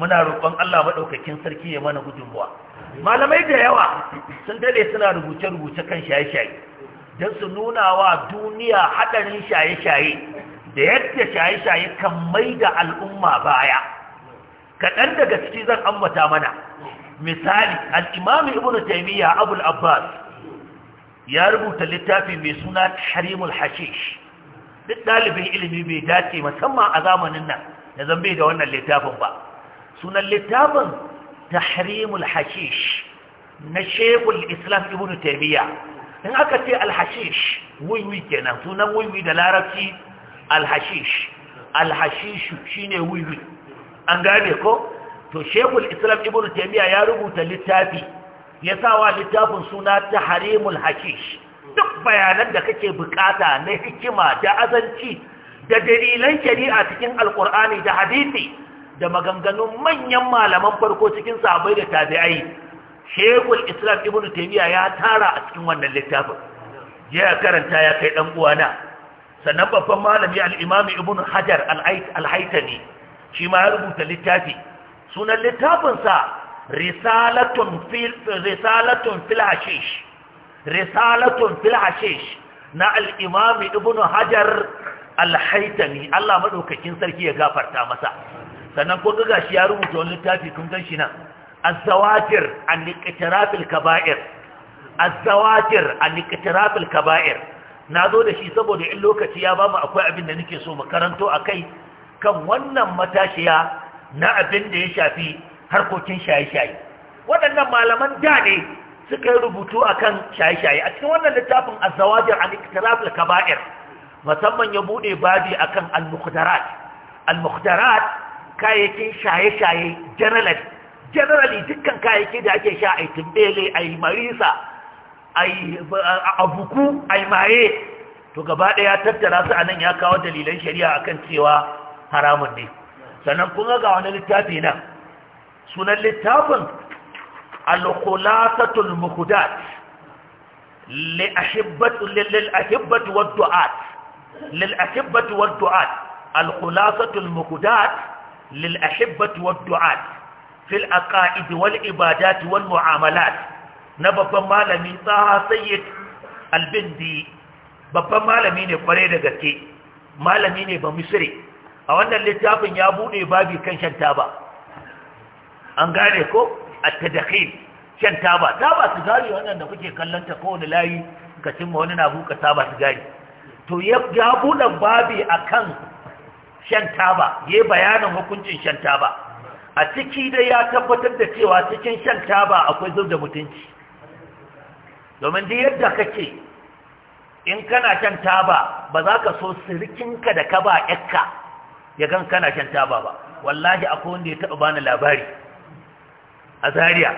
muna roƙon Allah maɗaukakin sarki ya mana gudunmuwa malamai da yawa sun daɗe suna rubuce-rubuce kan shaye-shaye don su nuna wa duniya haɗarin shaye-shaye da yadda shaye-shaye kan mai da al'umma baya kaɗan daga ciki zan ambata mana misali al'imami ibn taimiyya abul abbas ya rubuta littafi mai suna harimul hashish duk ɗalibin ilimi bai dace musamman a zamanin nan da zambe da wannan littafin ba sunan littafin tahrimul hashish na shekul islam ibn taymiya in aka ce alhashish wiwi kenan sunan wiwi da larabci alhashish alhashishu shine wiwi an gane ko to shekul islam ibn taymiya ya rubuta littafi ya sawa littafin suna tahrimul hashish duk bayanan da kake bukata na hikima da azanci da dalilan shari'a cikin alkur'ani da hadisi da maganganun manyan malaman farko cikin sabai da tabi'ai shekul islam ibnu taymiya ya tara a cikin wannan littafin ya karanta ya kai dan uwana sannan babban malami al-imam ibnu hajar al haitani shi ma ya rubuta littafi sunan littafinsa risalatun fil risalatun fil hashish risalatun fil hashish na al-imam ibn hajar al-haytami Allah madaukakin sarki ya gafarta masa sannan ko ga gashi ya rubuta wani littafi kun gan shi nan az-zawatir an-iqtiraf al-kaba'ir az-zawatir an-iqtiraf al-kaba'ir da shi saboda in lokaci ya bamu akwai abin da nake so mu karanto akai kan wannan matashiya na abin da ya shafi harkokin shaye-shaye waɗannan malaman da ne suka rubutu akan shaye-shaye a cikin wannan littafin azawajir an iktilaf da kabair musamman ya buɗe babi akan al mukhtarat al mukhtarat kayayyakin shaye-shaye generally generally dukkan kayayyaki da ake sha yi tumbele yi marisa ai abuku yi maye to gaba ya tattara su a nan ya kawo dalilan shari'a akan cewa haramun ne sannan kun ga wani littafi nan sunan littafin الخلاصة المخدات لأحبة للأحبة والدعاة للأحبة والدعاة الخلاصة المخدات للأحبة والدعاة في الأقائد والإبادات والمعاملات نبقى مالمي طه سيد البندي babban malami ne kwarai da gaske malami ne ba misiri a wannan littafin ya bude babi kan shan taba at-tadkhil shan taba taba sigari wannan da kuke kallon ta kowane layi ka cimma wani na buka taba sigari to ya buɗe babi akan shan taba ya bayanin hukuncin shan taba a ciki da ya tabbatar da cewa cikin shan taba akwai zub da mutunci domin da yadda kake in kana shan taba ba za ka so sirikinka da ka ba yakka ya gan kana shan taba ba wallahi akwai wanda ya taɓa bani labari a zariya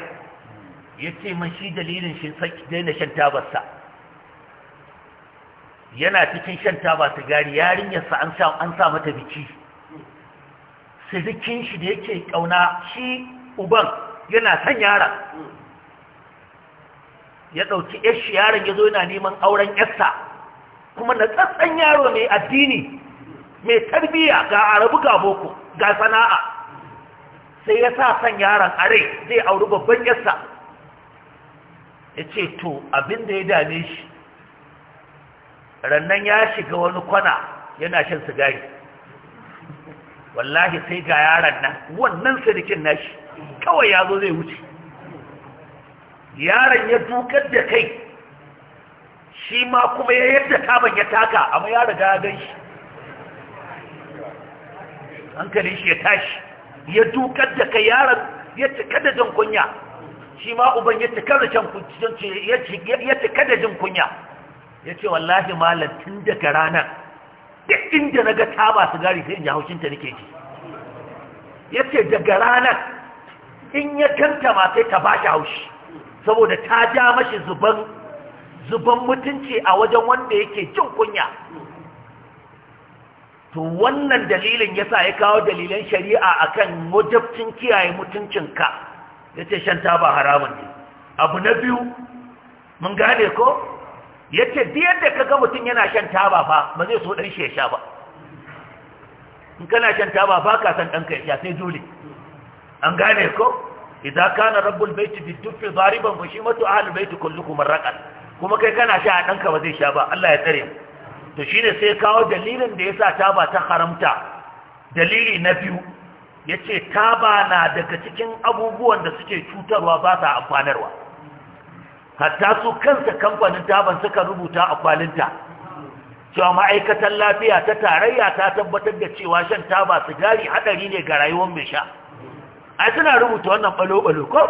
ya ce mashi shi dalilin shi saki daina shan tabarsa yana cikin shan taba yarin yarinyarsa an sa an sa mata biki sirikin shi da yake kauna shi uban yana san yara ya dauki yar shi yaron yazo yana neman auren yarsa kuma na tsatsan yaro mai addini mai tarbiya ga arabu ga boko ga sana'a sai ya sa son yaron a rai zai auri babban yasa ya ce to abin da ya dame shi rannan ya shiga wani kwana yana shan sigari wallahi sai ga yaron nan wannan sirikin nashi kawai ya zo zai wuce yaron ya dukar da kai shi ma kuma ya yadda taban ya taka amma ya riga gan shi hankalin shi ya tashi ya dukar da kai yaron ya cika da jin kunya shi ma uban ya cika da jin ya cika da jan kunya ya ce wallahi malam tun daga ranar duk inda na ga taba gari sai in ya haushinta nake ji ya ce daga ranar in ya kanta ma sai ta ba haushi saboda ta ja mashi zuban zuban mutunci a wajen wanda yake jin kunya to wannan dalilin yasa ya kawo dalilan shari'a akan wajabcin kiyaye mutuncinka yace shan taba haramun ne abu na biyu mun gane ko yace duk yadda kaga mutun yana shan taba fa ba zai so dan shi ya sha ba in kana shan taba ba ka san ɗanka ya sha sai dole an gane ko idan kana rabbul baiti bidufi zariban fa shi ahlul baiti kullukum raqal kuma kai kana sha ɗanka ba zai sha ba Allah ya tsare mu to shine sai kawo dalilin da yasa taba ta haramta dalili na biyu yace taba na daga cikin abubuwan da suke cutarwa ba sa amfanarwa hatta su kansa kamfanin taban suka rubuta a kwalinta cewa ma'aikatan lafiya ta tarayya ta tabbatar da cewa shan taba sigari hadari ne ga rayuwar mai sha ai suna rubuta wannan balo-balo ko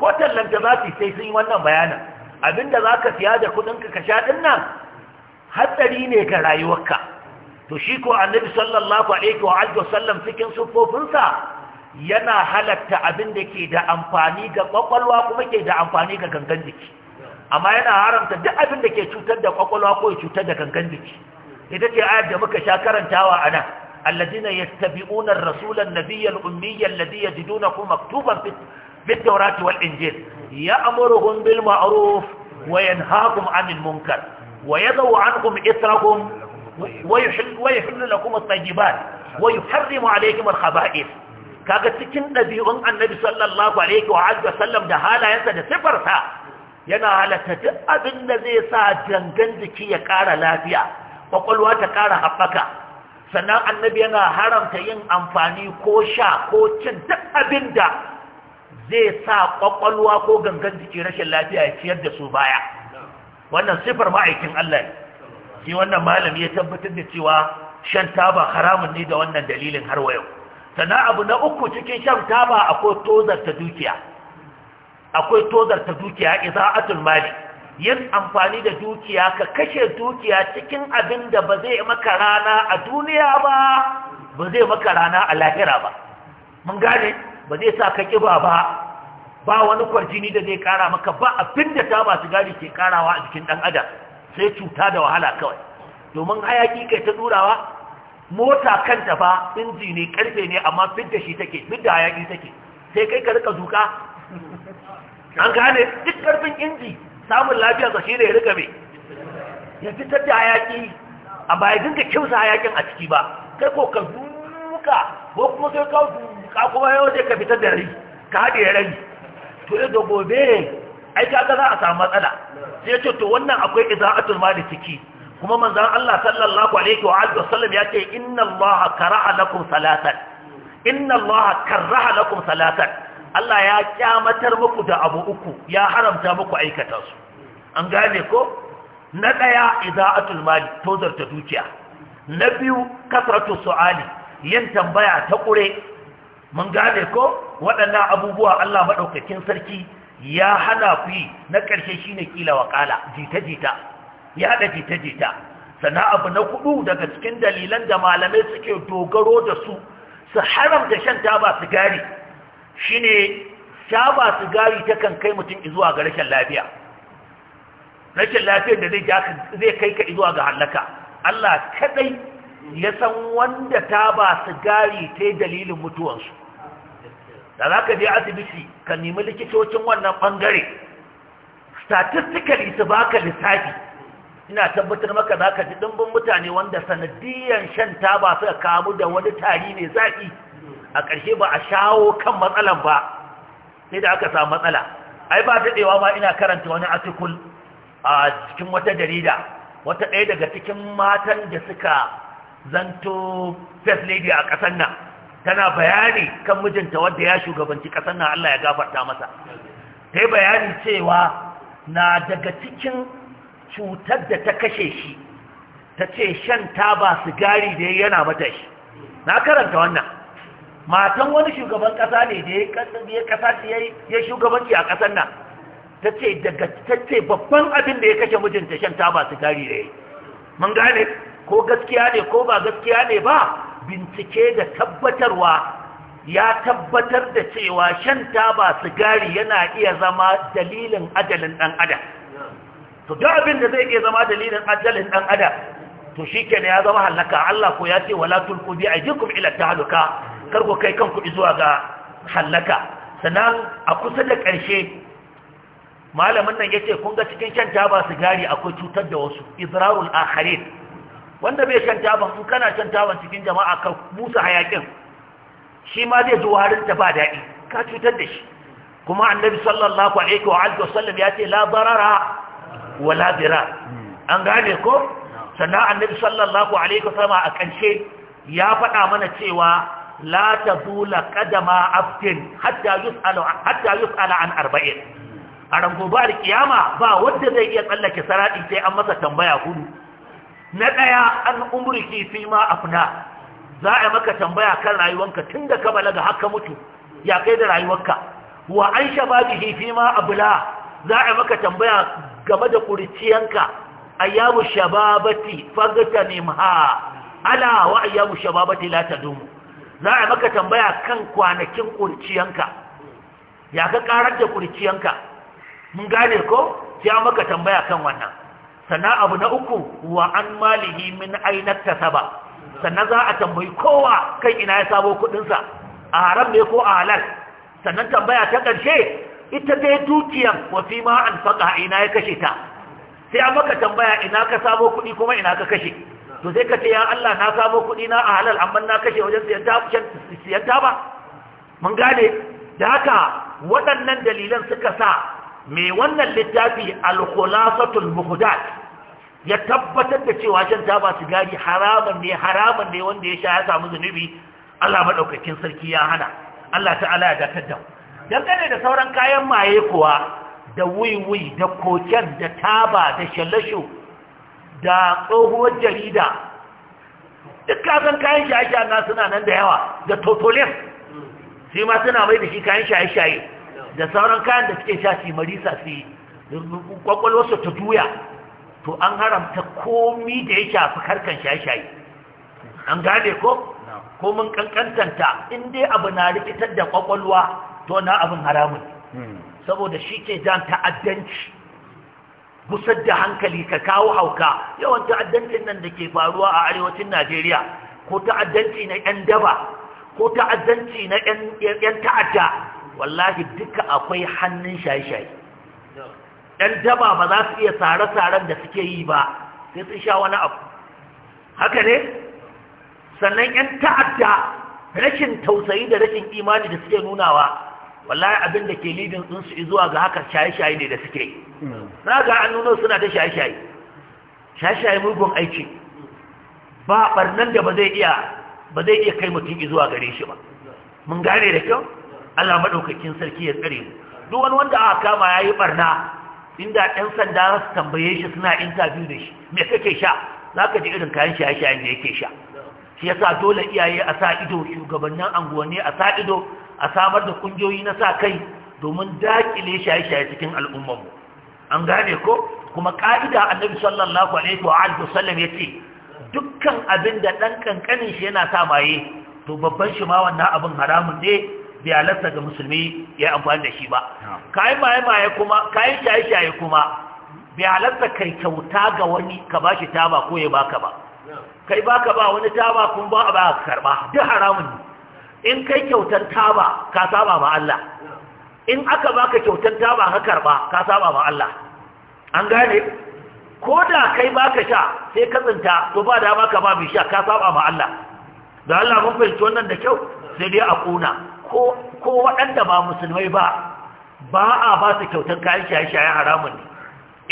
ko tallanta za su sai sun yi wannan bayanin abinda za ka siya da kuɗinka ka sha dinnan? hatsari ne ga rayuwarka to shi ko annabi sallallahu alaihi wa alihi wasallam cikin sufofinsa yana halatta abin da ke da amfani ga kwakwalwa kuma ke da amfani ga gangan jiki amma yana haramta duk abin da ke cutar da kwakwalwa ko ya cutar da gangan jiki ita ce ayar da muka sha karantawa a nan الذين يتبعون الرسول النبي الأمي الذي يجدونه مكتوبا في التوراة والإنجيل يأمرهم بالمعروف وينهاهم عن المنكر ويضع عنكم إثركم ويحل, ويحل لكم الطيبات ويحرم عليكم الخبائث kaga cikin ɗabi'un annabi sallallahu alaihi wa alihi wasallam da halayensa da sifarsa yana halatta duk abin da zai sa dangan jiki ya ƙara lafiya kwakwalwa ta ƙara haɓaka sannan annabi yana haramta yin amfani ko sha ko cin duk abin da zai sa kwakwalwa ko gangan jiki rashin lafiya ya ciyar da su baya wannan sifar ma'aikin Allah ne wannan malami ya tabbatar da cewa shan taba haramun ne da wannan dalilin har wayo yau sana abu na uku cikin shan taba akwai tozar ta dukiya akwai tozar ta dukiya iza'atul mali yin amfani da dukiya ka kashe dukiya cikin abin da ba zai maka rana a duniya ba ba zai maka rana a lahira ba mun gane ba zai sa ka kiba ba ba wani kwarjini da zai kara maka ba abin da ta ba sigari ke karawa a jikin dan sai cuta da wahala kawai domin hayaki kai ta tsurawa mota kanta ba inji ne karfe ne amma fidda shi take fidda hayaki take sai kai ka rika zuka an gane duk karfin inji samun lafiya ga shi ne ya rika mai ya fitar da hayaki a baya dinka kyausa hayakin a ciki ba kai ko ka zuka ko kuma sai ka zuka kuma yau ka fitar da rai ka haɗe rai to ya da gobe ai kaga za a samu matsala sai ce to wannan akwai iza'atul mali ciki kuma manzon Allah sallallahu alaihi wa alihi wasallam ya ce inna Allah karaha lakum salatan inna Allah karaha lakum salatan Allah ya kyamatar muku da abu uku ya haramta muku aikata su an gane ko na daya iza'atul mali tozarta dukiya na biyu kasratu su'ali yin tambaya ta kure mun gane ko waɗannan abubuwa Allah maɗaukakin sarki ya hana ku yi na ƙarshe shi ne ƙila wa ƙala jita-jita ya haɗa jita-jita sana abu na kuɗu daga cikin dalilan da malamai suke dogaro da su su haramta shan taba sigari Shi ne taba sigari ta kan kai mutum izuwa ga rashin lafiya rashin lafiyar da zai kai ka izuwa ga halaka Allah kaɗai ya san wanda taba sigari ta yi dalilin mutuwansu da za ka je asibiti ka nemi likitocin wannan ɓangare statistically su ka lissafi ina tabbatar maka za ka ji ɗumbin mutane wanda sanadiyan shan taba suka kamu da wani tari mai zaƙi a ƙarshe ba a shawo kan matsalan ba sai da aka samu matsala ai ba ɗewa ma ina karanta wani article a cikin wata jarida wata ɗaya daga cikin matan da suka zanto first lady a ƙasar nan tana bayani kan mijinta wanda ya shugabanci ƙasar nan Allah ya gafarta masa ta bayani cewa na daga cikin cutar da ta kashe shi ta ce shan taba sigari da yana mata shi na karanta wannan matan wani shugaban kasa ne da ya shugabanci a ƙasar nan ta ce daga ta ce babban abin da ya kashe mijinta shan taba sigari da ya mun gane ko gaskiya ne ko ba gaskiya ne ba bincike da tabbatarwa ya tabbatar da cewa shan taba sigari yana iya zama dalilin ajalin ɗan adam to duk abin da zai iya zama dalilin ajalin ɗan adam to shi kenan ya zama halaka Allah ko ya ce wala tulku a aijikum ila tahluka kar ku kai kan kuɗi zuwa ga halaka sannan a kusa da ƙarshe malamin nan ya ce kun ga cikin shan taba sigari akwai cutar da wasu izrarul akharin wanda bai shan taban kana shan taban cikin jama'a ka musa hayakin shi ma zai zo harin ta ba daɗi ka cutar da shi kuma annabi sallallahu alaihi wa alihi wasallam ya ce la barara wa la an gane ko sannan annabi sallallahu alaihi sallam a kance ya faɗa mana cewa la ta ƙadama kadama abdin hatta yus'ala an arba'in a rangobar kiyama ba wanda zai iya tsallake saradi sai an masa tambaya hudu na ɗaya an umurki fi ma afna za a maka tambaya kan rayuwanka tun da ka balaga haka mutu ya kai da rayuwarka wa an bihi fi ma abla za a maka tambaya game da kuriciyanka ayyamu shababati fagtanimha ala wa ayyamu shababati la tadumu za a maka tambaya kan kwanakin kurciyanka ya ka karar da kurciyanka mun gane ko ya maka tambaya kan wannan sannan abu na uku wa an malihi min ainat saba. sannan za a tambayi kowa kan ina ya sabo kudinsa a haram ne ko a halal sannan tambaya ta ƙarshe ita dai dukiyar wafi ma an faƙa ina ya kashe ta sai an maka tambaya ina ka sabo kuɗi kuma ina ka kashe to sai ka ce ya Allah na sabo kuɗi na a halal amma na kashe wajen siyan taba mun gane da haka waɗannan dalilan suka sa mai wannan littafi al-khulasatul muhdat ya tabbatar da cewa shan taba sigari haraman ne haraman ne wanda ya sha ya samu zunubi Allah madaukakin sarki ya hana Allah ta'ala ya datar da dangane da sauran kayan maye kuwa da wuyi-wuyi da koken da taba da shalasho da tsohuwar jarida duk kasan kayan shaye-shaye na suna nan da yawa da totolin shi ma suna mai da shi kayan shaye-shaye da sauran kayan da suke sha shi marisa su yi kwakwalwarsu ta duya to an haramta komi da ya shafi harkan shaye-shaye an gane ko ko mun kankantanta in dai abu na rikitar da kwakwalwa to na abin haramun hmm. saboda shi ke jan ta'addanci gusar da hankali ka kawo hauka yawan ta'addancin nan da ke faruwa a arewacin najeriya ko ta'addanci na 'yan daba ko ta'addanci na 'yan ta'adda wallahi duka akwai hannun shaye-shaye ɗan daba ba za su iya tsare-tsaren da suke yi ba sai sun sha wani abu haka ne sannan 'yan ta'adda rashin tausayi da rashin imani da suke nunawa wallahi abin da ke lidin su zuwa ga haka shaye-shaye ne da suke yi na ga an nuno suna ta shaye-shaye shaye-shaye mugun aiki ba barnan da ba zai iya ba zai iya kai mutum zuwa gare shi ba mun gane da kyau Allah maɗaukakin sarki ya tsare mu duk wani wanda aka kama ya yi barna inda ɗan sanda za su tambaye shi suna intabi da shi me kake sha za ka ji irin kayan shaye shaye da yake sha shi yasa dole iyaye a sa ido shugabannin anguwanni a sa ido a samar da ƙungiyoyi na sa kai domin daƙile shaye-shaye cikin al'ummanmu an gane ko kuma ƙa'ida annabi sallallahu alaihi wa alihi wasallam ce dukkan abin da ɗan ƙanƙanin shi yana sa maye to babban shi ma wannan abin haramun ne bai halatta ga musulmi ya amfani da shi ba kayan maye-maye kuma kayan shaye-shaye kuma bai halatta kai kyauta ga wani ka ba shi taba ko ya baka ba kai baka ba wani taba kun ba a baka karba duk haramun ne in kai kyautar taba ka saba ma Allah in aka baka kyautar taba ka karba ka saba ma Allah an gane ko da kai baka sha sai ka tsinta to ba da baka ba mai sha ka saba ma Allah da Allah mun fahimci wannan da kyau sai dai a kuna ko waɗanda ba musulmai ba ba a ba su kyautar kayan shaye-shayen haramun ne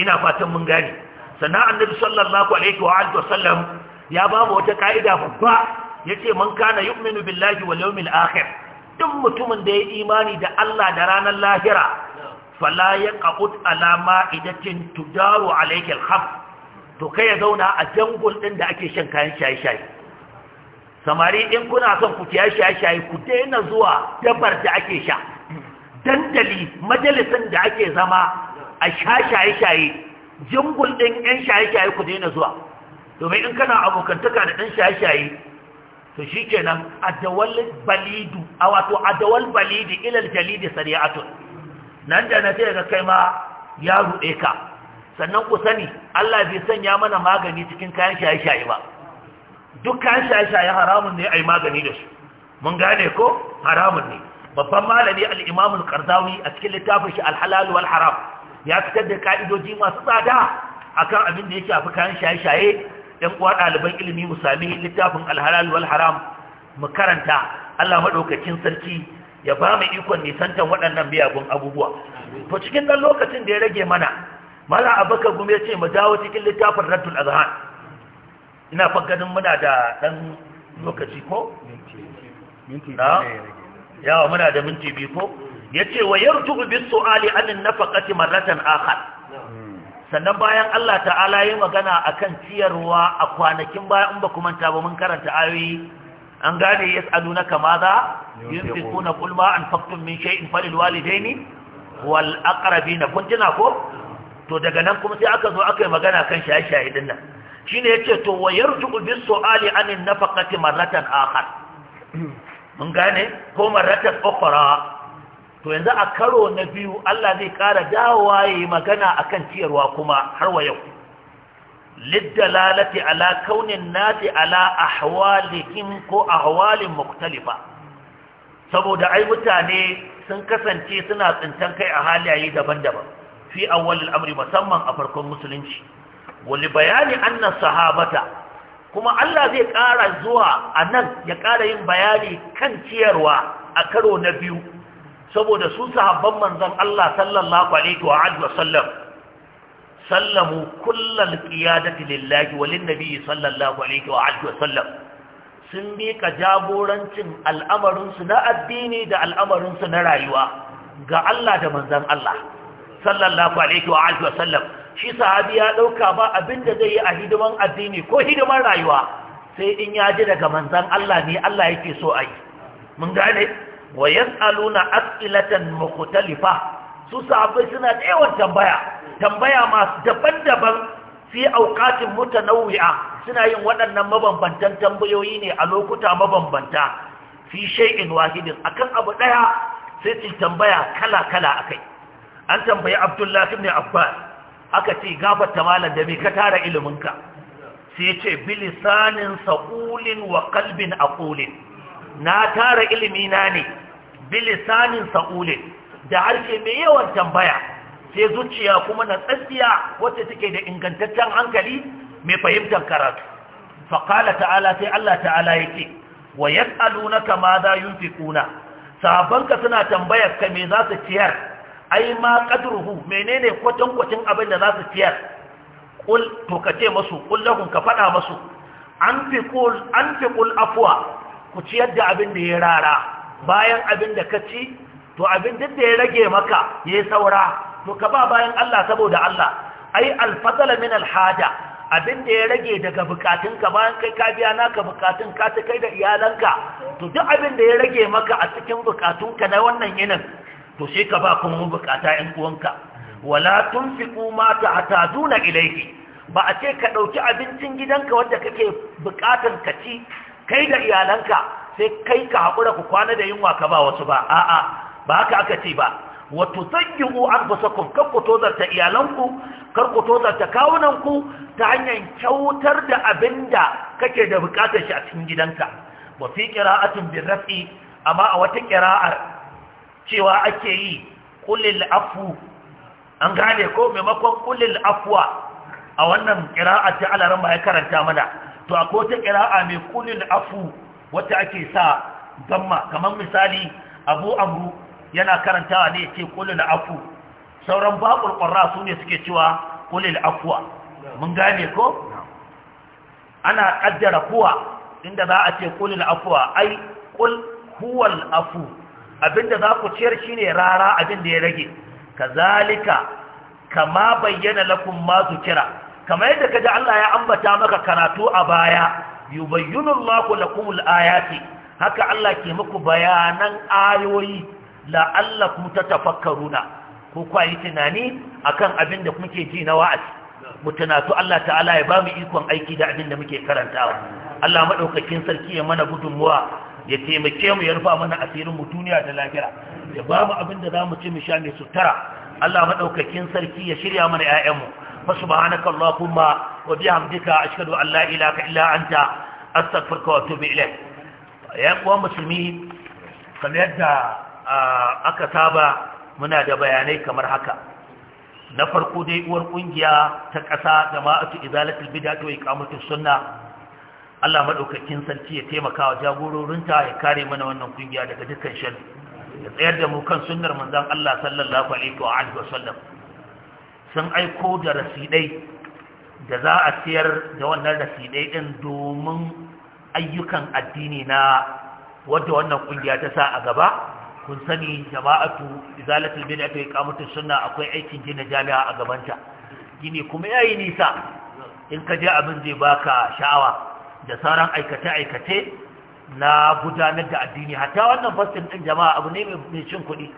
ina fatan mun gane sannan annabi sallallahu alaihi wa alihi wasallam ya ba mu wata ka'ida babba yace man kana yu'minu billahi wal yawmil akhir duk mutumin da ya imani da Allah da ranar lahira fala yaqut ala ma'idatin tudaru alayka al to kai ya zauna a jangul din da ake shan kayan shaye-shaye samari in kuna son ku ciya shaye-shaye ku daina zuwa dabar da ake sha dandali majalisin da ake zama a sha shaye-shaye jimbul ɗin 'yan shaye-shaye ku daina zuwa domin in kana abokantaka da ɗan shaye-shaye to shi kenan adawal balidu a wato adawal balidi ilal jalidi sari'atun nan da na ga kai ma ya ruɗe ka sannan ku sani Allah bai sanya mana magani cikin kayan shaye-shaye ba duk kayan shaye-shaye haramun ne a yi magani da su mun gane ko haramun ne babban malami al karzawi a cikin littafin shi alhalalu wal haram ya fitar da ka'idoji masu tsada a kan abin da ya shafi kayan shaye-shaye ɗan uwa ɗaliban ilimi mu sami littafin alhalalu wal haram mu karanta Allah maɗaukacin sarki ya ba mu ikon nisantar waɗannan biyagun abubuwa to cikin ɗan lokacin da ya rage mana mala gumi ya ce mu dawo cikin littafin raddul azhar ina faganin muna da ɗan lokaci ko? yawa muna da minti biyu ko? ya ce wa yar tuɓi bisu ali anin na faƙati marratan akhar hmm. sannan bayan Allah ta'ala yi magana a kan ciyarwa a kwanakin baya in ba manta ba mun karanta ayoyi an gane ya tsalu na kama za yin fi kuna kulma an faktun min shai'in falil walidaini wal aqrabi na kun ko to daga nan kuma sai aka zo aka yi magana kan shaye-shaye din nan shine yace to wa yarju'u bis su'ali anin nafaqati marratan akhar mun gane ko marratan ukhra to yanzu a karo na biyu Allah zai kara dawowa yayi magana akan ciyarwa kuma har wa yau liddalalati ala kaunin nati ala ahwalikin ko ahwalin muktalifa saboda ai mutane sun kasance suna tsintan kai a halaye daban-daban fi awwalil amri musamman a farkon musulunci wani bayani annan sahabata kuma Allah zai ƙara zuwa a nan ya ƙara yin bayani kan ciyarwa a karo na biyu saboda su sahabban manzan Allah sallallahu alaihi wa alihi wasallam sallamu kullal qiyadati lillahi wa linnabi sallallahu alaihi wa alihi wasallam sun mika jagorancin al'amarinsu na addini da al'amarinsu na rayuwa ga Allah da manzan Allah sallallahu alaihi wa alihi wasallam shi sahabi ya ɗauka ba abin da zai yi a hidiman addini ko hidiman rayuwa sai in ya ji daga manzan Allah ne Allah yake so a yi mun gane wa yas'aluna as'ilatan mukhtalifa su sahabai suna da yawan tambaya tambaya masu daban-daban fi auqatin mutanawwi'a suna yin waɗannan mabambantan tambayoyi ne a lokuta mabambanta fi shay'in wahidin akan abu ɗaya sai su tambaya kala-kala akai an tambayi Abdullahi ibn Abbas aka ce ta malam da me ka tara iliminka sai ce bilisanin sa'ulin wa kalbin aqulin na tara ilimina ne bilisanin sa'ulin da harshe mai yawan tambaya sai zuciya kuma na tsakiya wacce take da ingantaccen hankali mai fahimtar karatu faƙala ta'ala sai Allah ta'ala ya yake wa yas'alunaka ma za sabon ka suna tambayar ka me za su ciyar ai ma qadruhu menene kwatan kwatin abin da za su fiyar kul to ka ce masu kul lahum ka fada masu anfiqul anfiqul afwa ku ciyar da abin da ya rara bayan abin da ka ci to abin duk da ya rage maka ya yi saura to ka ba bayan Allah saboda Allah ai alfadala min alhaja abin da ya rage daga bukatunka bayan kai ka biya naka bukatun ka ta kai da iyalanka to duk abin da ya rage maka a cikin bukatunka na wannan yinin to sai ka ba kuma bukata yan uwanka wala tunfiqu ma ta'taduna ilayhi ba a ce ka dauki abincin gidanka wanda kake bukatar ka ci kai da iyalanka sai kai ka hakura ku kwana da yunwa ka ba wasu ba a'a ba haka aka ce ba wa tuzayyu anfusakum kar ku tozarta iyalanku kar ku tozarta kawunanku ta hanyar kyautar da abinda kake da bukatar shi a cikin gidanka wa fi qira'atin bi raf'i amma a wata qira'ar cewa ake yi kulil afu an gane ko maimakon kulil afuwa a wannan kira'a ta alaran ba ya karanta mana to ko ta kira'a mai kulil afu wata ake sa gama, kamar misali abu amru yana karantawa ne ce kulil afu sauran baƙul ƙwarra su ne suke cewa kulil afuwa mun gane ko ana ƙaddara kuwa inda za a ce kulil afuwa ai kul huwal afu Abin da za ku ciyar shine rara abin da ya rage kazalika kama bayyana lakum ma kira. kama yadda ka ji Allah ya ambata maka karatu a baya yubayyinu Allahu lakum al al'ayati haka Allah ke muku bayanan ayoyi ta tafakkaruna. ko kwayi tunani akan abin da kuke ji na wa'azi mu Allah ta'ala ya bamu ikon aiki da abin da muke karantawa Allah maɗaukakin sarki ya mana gudunmuwa ya taimake mu ya rufa mana asirin mu duniya da lafiya ya ba mu abin da zamu ci mu sha mai sutura Allah maɗaukakin sarki ya shirya mana ƴaƴan mu fa subhanaka allahumma wa bihamdika ashhadu an la ilaha illa anta astaghfiruka wa atubu ilayk ya uwa musulmi kamar yadda aka saba muna da bayanai kamar haka na farko dai uwar kungiya ta ƙasa jama'atu izalatul bid'ah wa iqamatus sunnah Allah madaukakin sarki ya taimaka wa jagororinta ya kare mana wannan kungiya daga dukkan shan. ya tsayar da mu kan sunnar manzon Allah sallallahu alaihi wa alihi wasallam sun aiko da rasidai da za a siyar da wannan rasidai din domin ayyukan addini na wadda wannan kungiya ta sa a gaba kun sani jama'atu izalatul bid'ah ta iqamatu sunna akwai aikin gina jami'a a gabanta gini kuma yayi nisa in ka je abin zai baka sha'awa da sauran aikace-aikace na gudanar da addini hatta wannan fastin ɗin jama'a abu ne mai cin kuɗi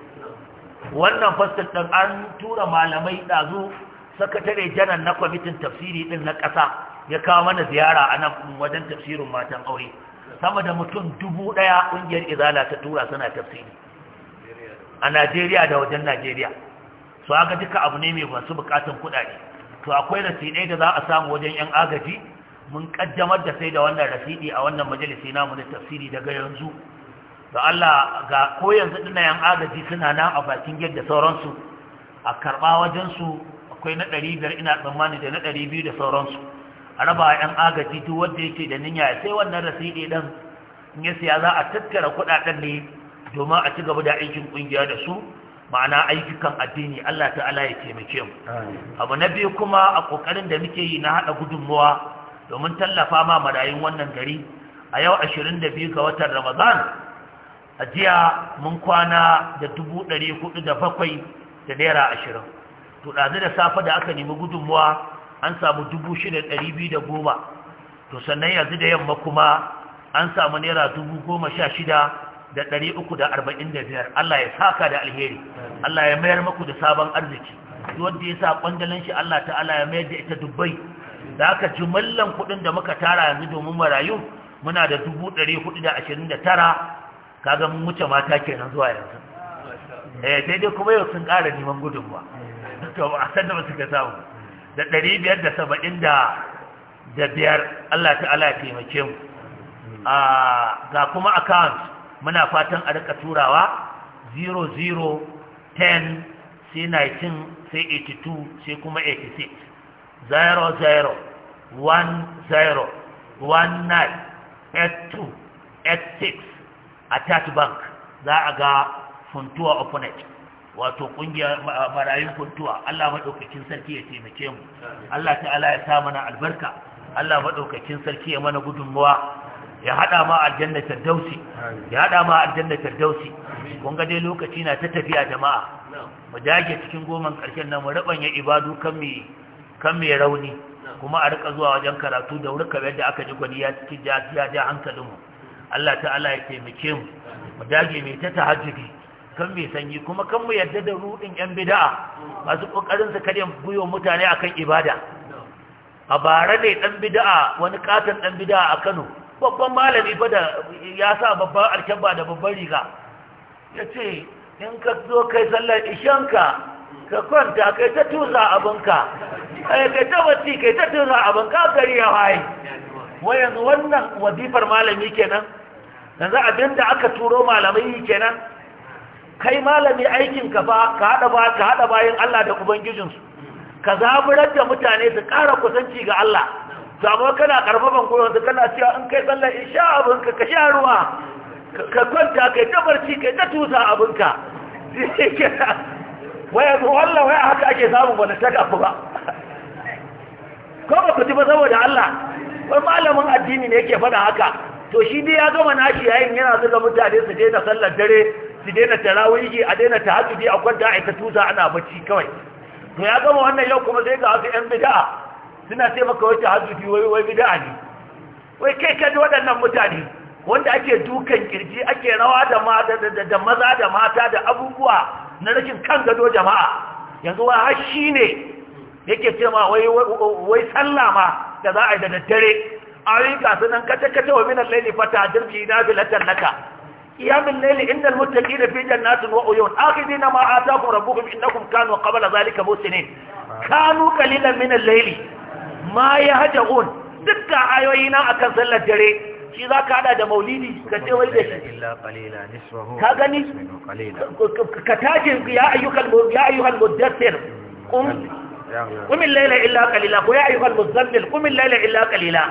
wannan fastin ɗin an tura malamai ɗazu sakatare janar na kwamitin tafsiri ɗin na ƙasa ya kawo mana ziyara a nan wajen tafsirin matan aure sama da mutum dubu ɗaya ƙungiyar izala ta tura suna tafsiri a najeriya da wajen najeriya su haka duka abu ne mai masu buƙatan kuɗaɗe to akwai rasi ɗaya da za a samu wajen 'yan agaji mun kaddamar da sai da wannan rasidi a wannan majalisi mu na tafsiri daga yanzu da Allah ga ko yanzu dinnan yan agaji suna nan a bakin yadda da sauransu a karba wajen su akwai na 500 ina tsammani da na 200 da sauransu a raba yan agaji duk wanda yake da niyya sai wannan rasidi dan in ya siya za a tattara kudaden ne domin a ci gaba da aikin kungiya da su ma'ana ayyukan addini Allah ta'ala ya taimake mu abu na biyu kuma a kokarin da muke yi na hada gudunmuwa domin tallafa ma marayun wannan gari a yau 22 ga watan ramadan a jiya mun kwana da 407 da naira 20 to ɗazu da safe da aka nemi gudunmuwa an samu 6,210 to sannan yanzu da yamma kuma an samu naira 16,345 Allah ya saka da alheri Allah ya mayar maku da sabon arziki wanda ya sa kwandalan shi Allah ta'ala ya mayar da ita dubbai da ci mallan kuɗin da muka tara yanzu domin marayu muna da dubu ɗari hudu da ashirin da tara kaga mun wuce mata kenan zuwa yanzu eh sai dai kuma yau sun ƙara neman gudunmuwa to a san da basu suka samu da ɗari biyar da saba'in da da biyar Allah ta'ala ya taimake mu ga kuma account muna fatan a rika turawa 00 sai 19 sai 82 sai kuma 86 zero zero one zero one nine eight two eight six a attach bank za a ga funtuwa opponent wato kungiyar marayun funtuwa Allah maɗaukakin sarki ya taimake mu Allah ta'ala ya sa mana albarka Allah maɗaukakin sarki ya mana gudunmuwa ya haɗa ma aljanna firdausi ya haɗa ma aljanna firdausi kun ga dai lokaci na ta tafiya jama'a mu dage cikin goman ƙarshen nan mu rabanya ibadu kan mu kan mai rauni kuma a rika zuwa wajen karatu da wuri kamar da aka ji gwani ya cikin ya ja mu Allah ta'ala ya taimake mu mu dage mai ta tahajjudi kan mai sanyi kuma kan mu yadda da rudin yan bid'a masu kokarin su kare buyo mutane akan ibada a bara ne dan bid'a wani katon ɗan bid'a a Kano babban malami fa da ya sa babban alkaba da babban riga yace in ka zo kai sallar ishanka ka kwanta kai ta tuza abinka kai eh, kai ta bacci kai ta tuza abinka gari ya waye wa yanzu wannan wadifar malami kenan yanzu abin da aka turo malamai kenan kai malami aikin ka ba ka hada ba ka hada bayan Allah da su ka zaburar da mutane su ƙara kusanci ga Allah amma kana karfafan gwiwa su kana cewa in kai tsallar isha abinka ka sha ruwa ka kwanta kai ta barci kai ta tusa abinka waya zo wallah waya haka ake samun wani takafu ba ko ba ku ji ba saboda Allah wai malamin addini ne yake fada haka to shi dai ya gama nashi yayin yana zuga mutane su daina sallar dare su daina tarawihi a daina tahajjudi a kwanta a ita tusa ana bacci kawai to ya gama wannan yau kuma zai ga wasu yan bida'a suna ce maka wata tahajjudi wai wai bid'a ne wai kai kaji waɗannan mutane wanda ake dukan kirji ake rawa da da maza da mata da abubuwa na rashin kan gado jama'a yanzu wa har shi ne yake ce ma wai sallah ma da za a yi da daddare a yi nan kace-kace wa minan laili fata dirki na filatar naka iyamin laili inda mutaki da fi jannatin wa uyun akhidi na ma atakum rabbukum innakum kanu qabla zalika ne. kanu kalilan minan laili Ma ya yahjaun dukkan ayoyi na akan sallar dare shi za ka hada da maulidi ka ce wai da shi ka gani ka tashi ya ayyukan muddassir قم الليل إلا قليلا ويا أيها المزمل قم الليل إلا قليلا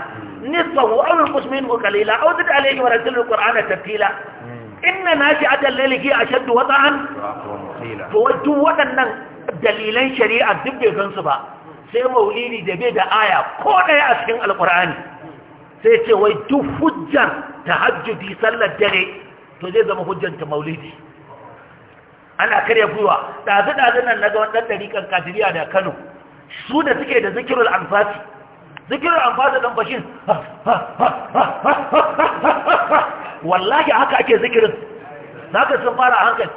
نصفه أو انقص منه قليلا أو زد عليه ورتل القرآن ترتيلا إن ناشئة الليل هي أشد وطئا فوجدوا waɗannan dalilan shari'a duk bai gansu ba sai maulidi da bai da aya ko ɗaya a cikin alƙur'ani sai ce wai duk hujjar ta tahajjudi sallar dare to zai zama hujjar ta maulidi ana karya gwiwa ɗazu ɗazu nan na naga wannan ɗariƙan kadiriya da kano su da suke da zikirul anfasi zikirul anfasi ɗan bashin wallahi haka ake zikirin naka sun fara a hankali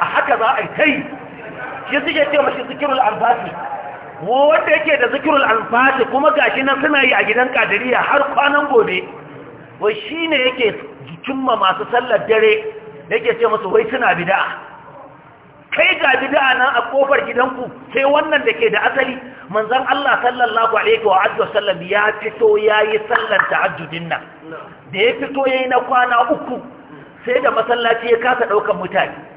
a haka za a yi ta ha shi suke ce mashi zikirul anfasi wanda yake da zikirul anfasi kuma gashi nan suna yi a gidan kadiriya har kwanan gobe wai shine yake cimma masu sallar dare yake ce masu wai suna bid'a kai ga bid'a nan a kofar gidanku sai wannan da ke da asali manzon Allah sallallahu alaihi wa alihi sallam ya fito yayi sallar tahajjudin nan da ya fito yayi na kwana uku sai da masallaci ya kasa ɗaukar mutane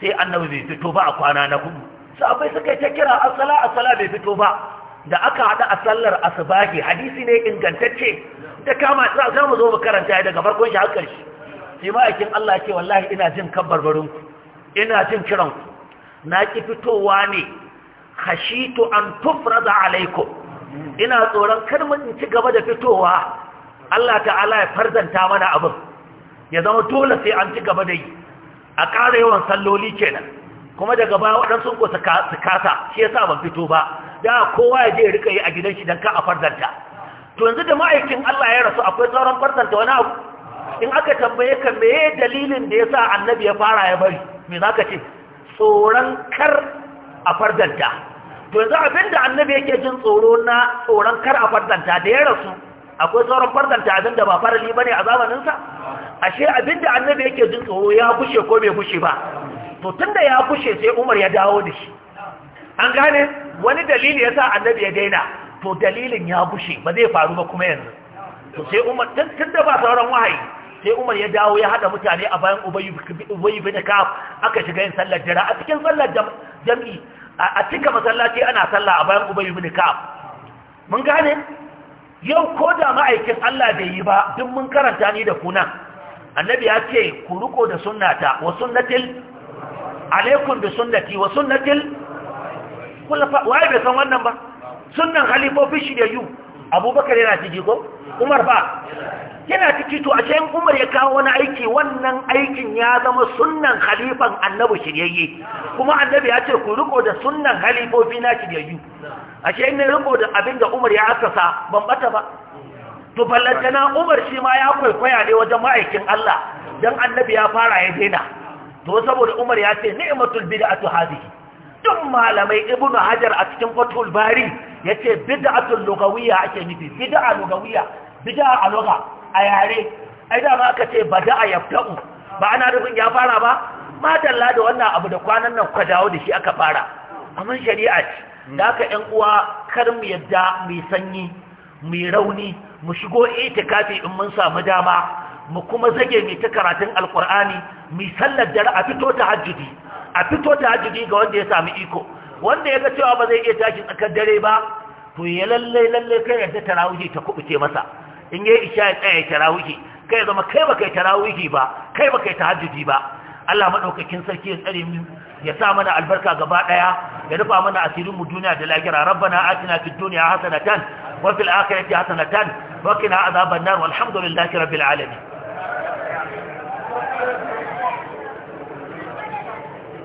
sai annabi bai fito ba a kwana na hudu sahabbai suka yi ta kira asala asala bai fito ba da aka haɗu a sallar asubahi hadisi ne ingantacce ta kama za mu zo mu karanta daga farkon shi hakan shi sai ma'aikin Allah ce wallahi ina jin kan ku ina jin kiran ku na ki fitowa ne hashitu an tufrada alaikum ina tsoron kar mu in ci gaba da fitowa Allah ta'ala ya farzanta mana abin ya zama dole sai an ci gaba da yi a ƙara yawan salloli kenan kuma daga baya waɗansu ko su kasa shi yasa ban fito ba da kowa ya je ya rika yi a gidan shi dan ka a farzanta to yanzu da ma'aikin Allah ya rasu akwai sauran farzanta wani abu in aka tambaye ka me dalilin da yasa annabi ya fara ya bari me zaka ce tsoron kar a farzanta to yanzu abinda annabi yake jin tsoro na tsoron kar a farzanta da ya rasu akwai sauran farzanta da ba farali ne a zamanin sa ashe da annabi yake jin tsoro ya fushe ko bai fushe ba to tunda ya fushe sai umar ya dawo da shi an gane wani dalili yasa annabi ya daina to dalilin ya fushe ba zai faru ba kuma yanzu to sai umar tunda ba sauran wahayi sai umar ya dawo ya hada mutane a bayan ubayi bin kaf aka shiga yin sallar jira a cikin sallar jam'i a cika masallaci ana sallah a bayan ubayi bin kaf mun gane yau ko da ma'aikin Allah bai yi ba duk mun karanta ni da kuna annabi ya ce ku riko da sunnata wa sunnatil alaikum bi sunnati wa sunnatil kullafa wai bai san wannan ba sunnan halifofin shiryayyu abubakar yana ciki ko umar ba yana ciki to a can umar ya kawo wani aiki wannan aikin ya zama sunnan Khalifan annabi shiryayye kuma annabi ya ce ku riko da sunnan halifofi na shiryayyu a ce in riko da abinda umar ya asasa ban bata ba to ballantana umar shi ma ya kwaikwaya ne wajen ma'aikin Allah don annabi ya fara ya daina to saboda umar ya ce ni'matul bid'atu hadhihi duk malamai ibnu hajar a cikin fatul bari yace bid'atul lugawiyya ake nufi bid'a lugawiyya bid'a a lugha a yare ai da ma aka ce bada'a yabda'u ba ana nufin ya fara ba ma dalla da wannan abu da kwanan nan ka dawo da shi aka fara amma shari'a ce da aka yan uwa kar mu yadda mu sanyi mai rauni mu shigo itikafi in mun samu dama mu kuma zage mai ta karatun alkur'ani mai sallar dare a fito ta hajji, a fito ta hajji ga wanda ya samu iko wanda ya ga cewa ba zai iya tashi tsakar dare ba to ya lalle lalle kai yadda tarawihi ta kubuce masa in yayi isha ya tsaya tarawihi kai zama kai baka tarawihi ba kai ta hajji ba Allah madaukakin sarki ya tsare mu ya sa mana albarka gaba ɗaya, ya rufa mana asirin mu duniya da lahira rabbana atina fid dunya hasanatan وفي الآخرة حسنة وقنا عذاب النار والحمد لله رب العالمين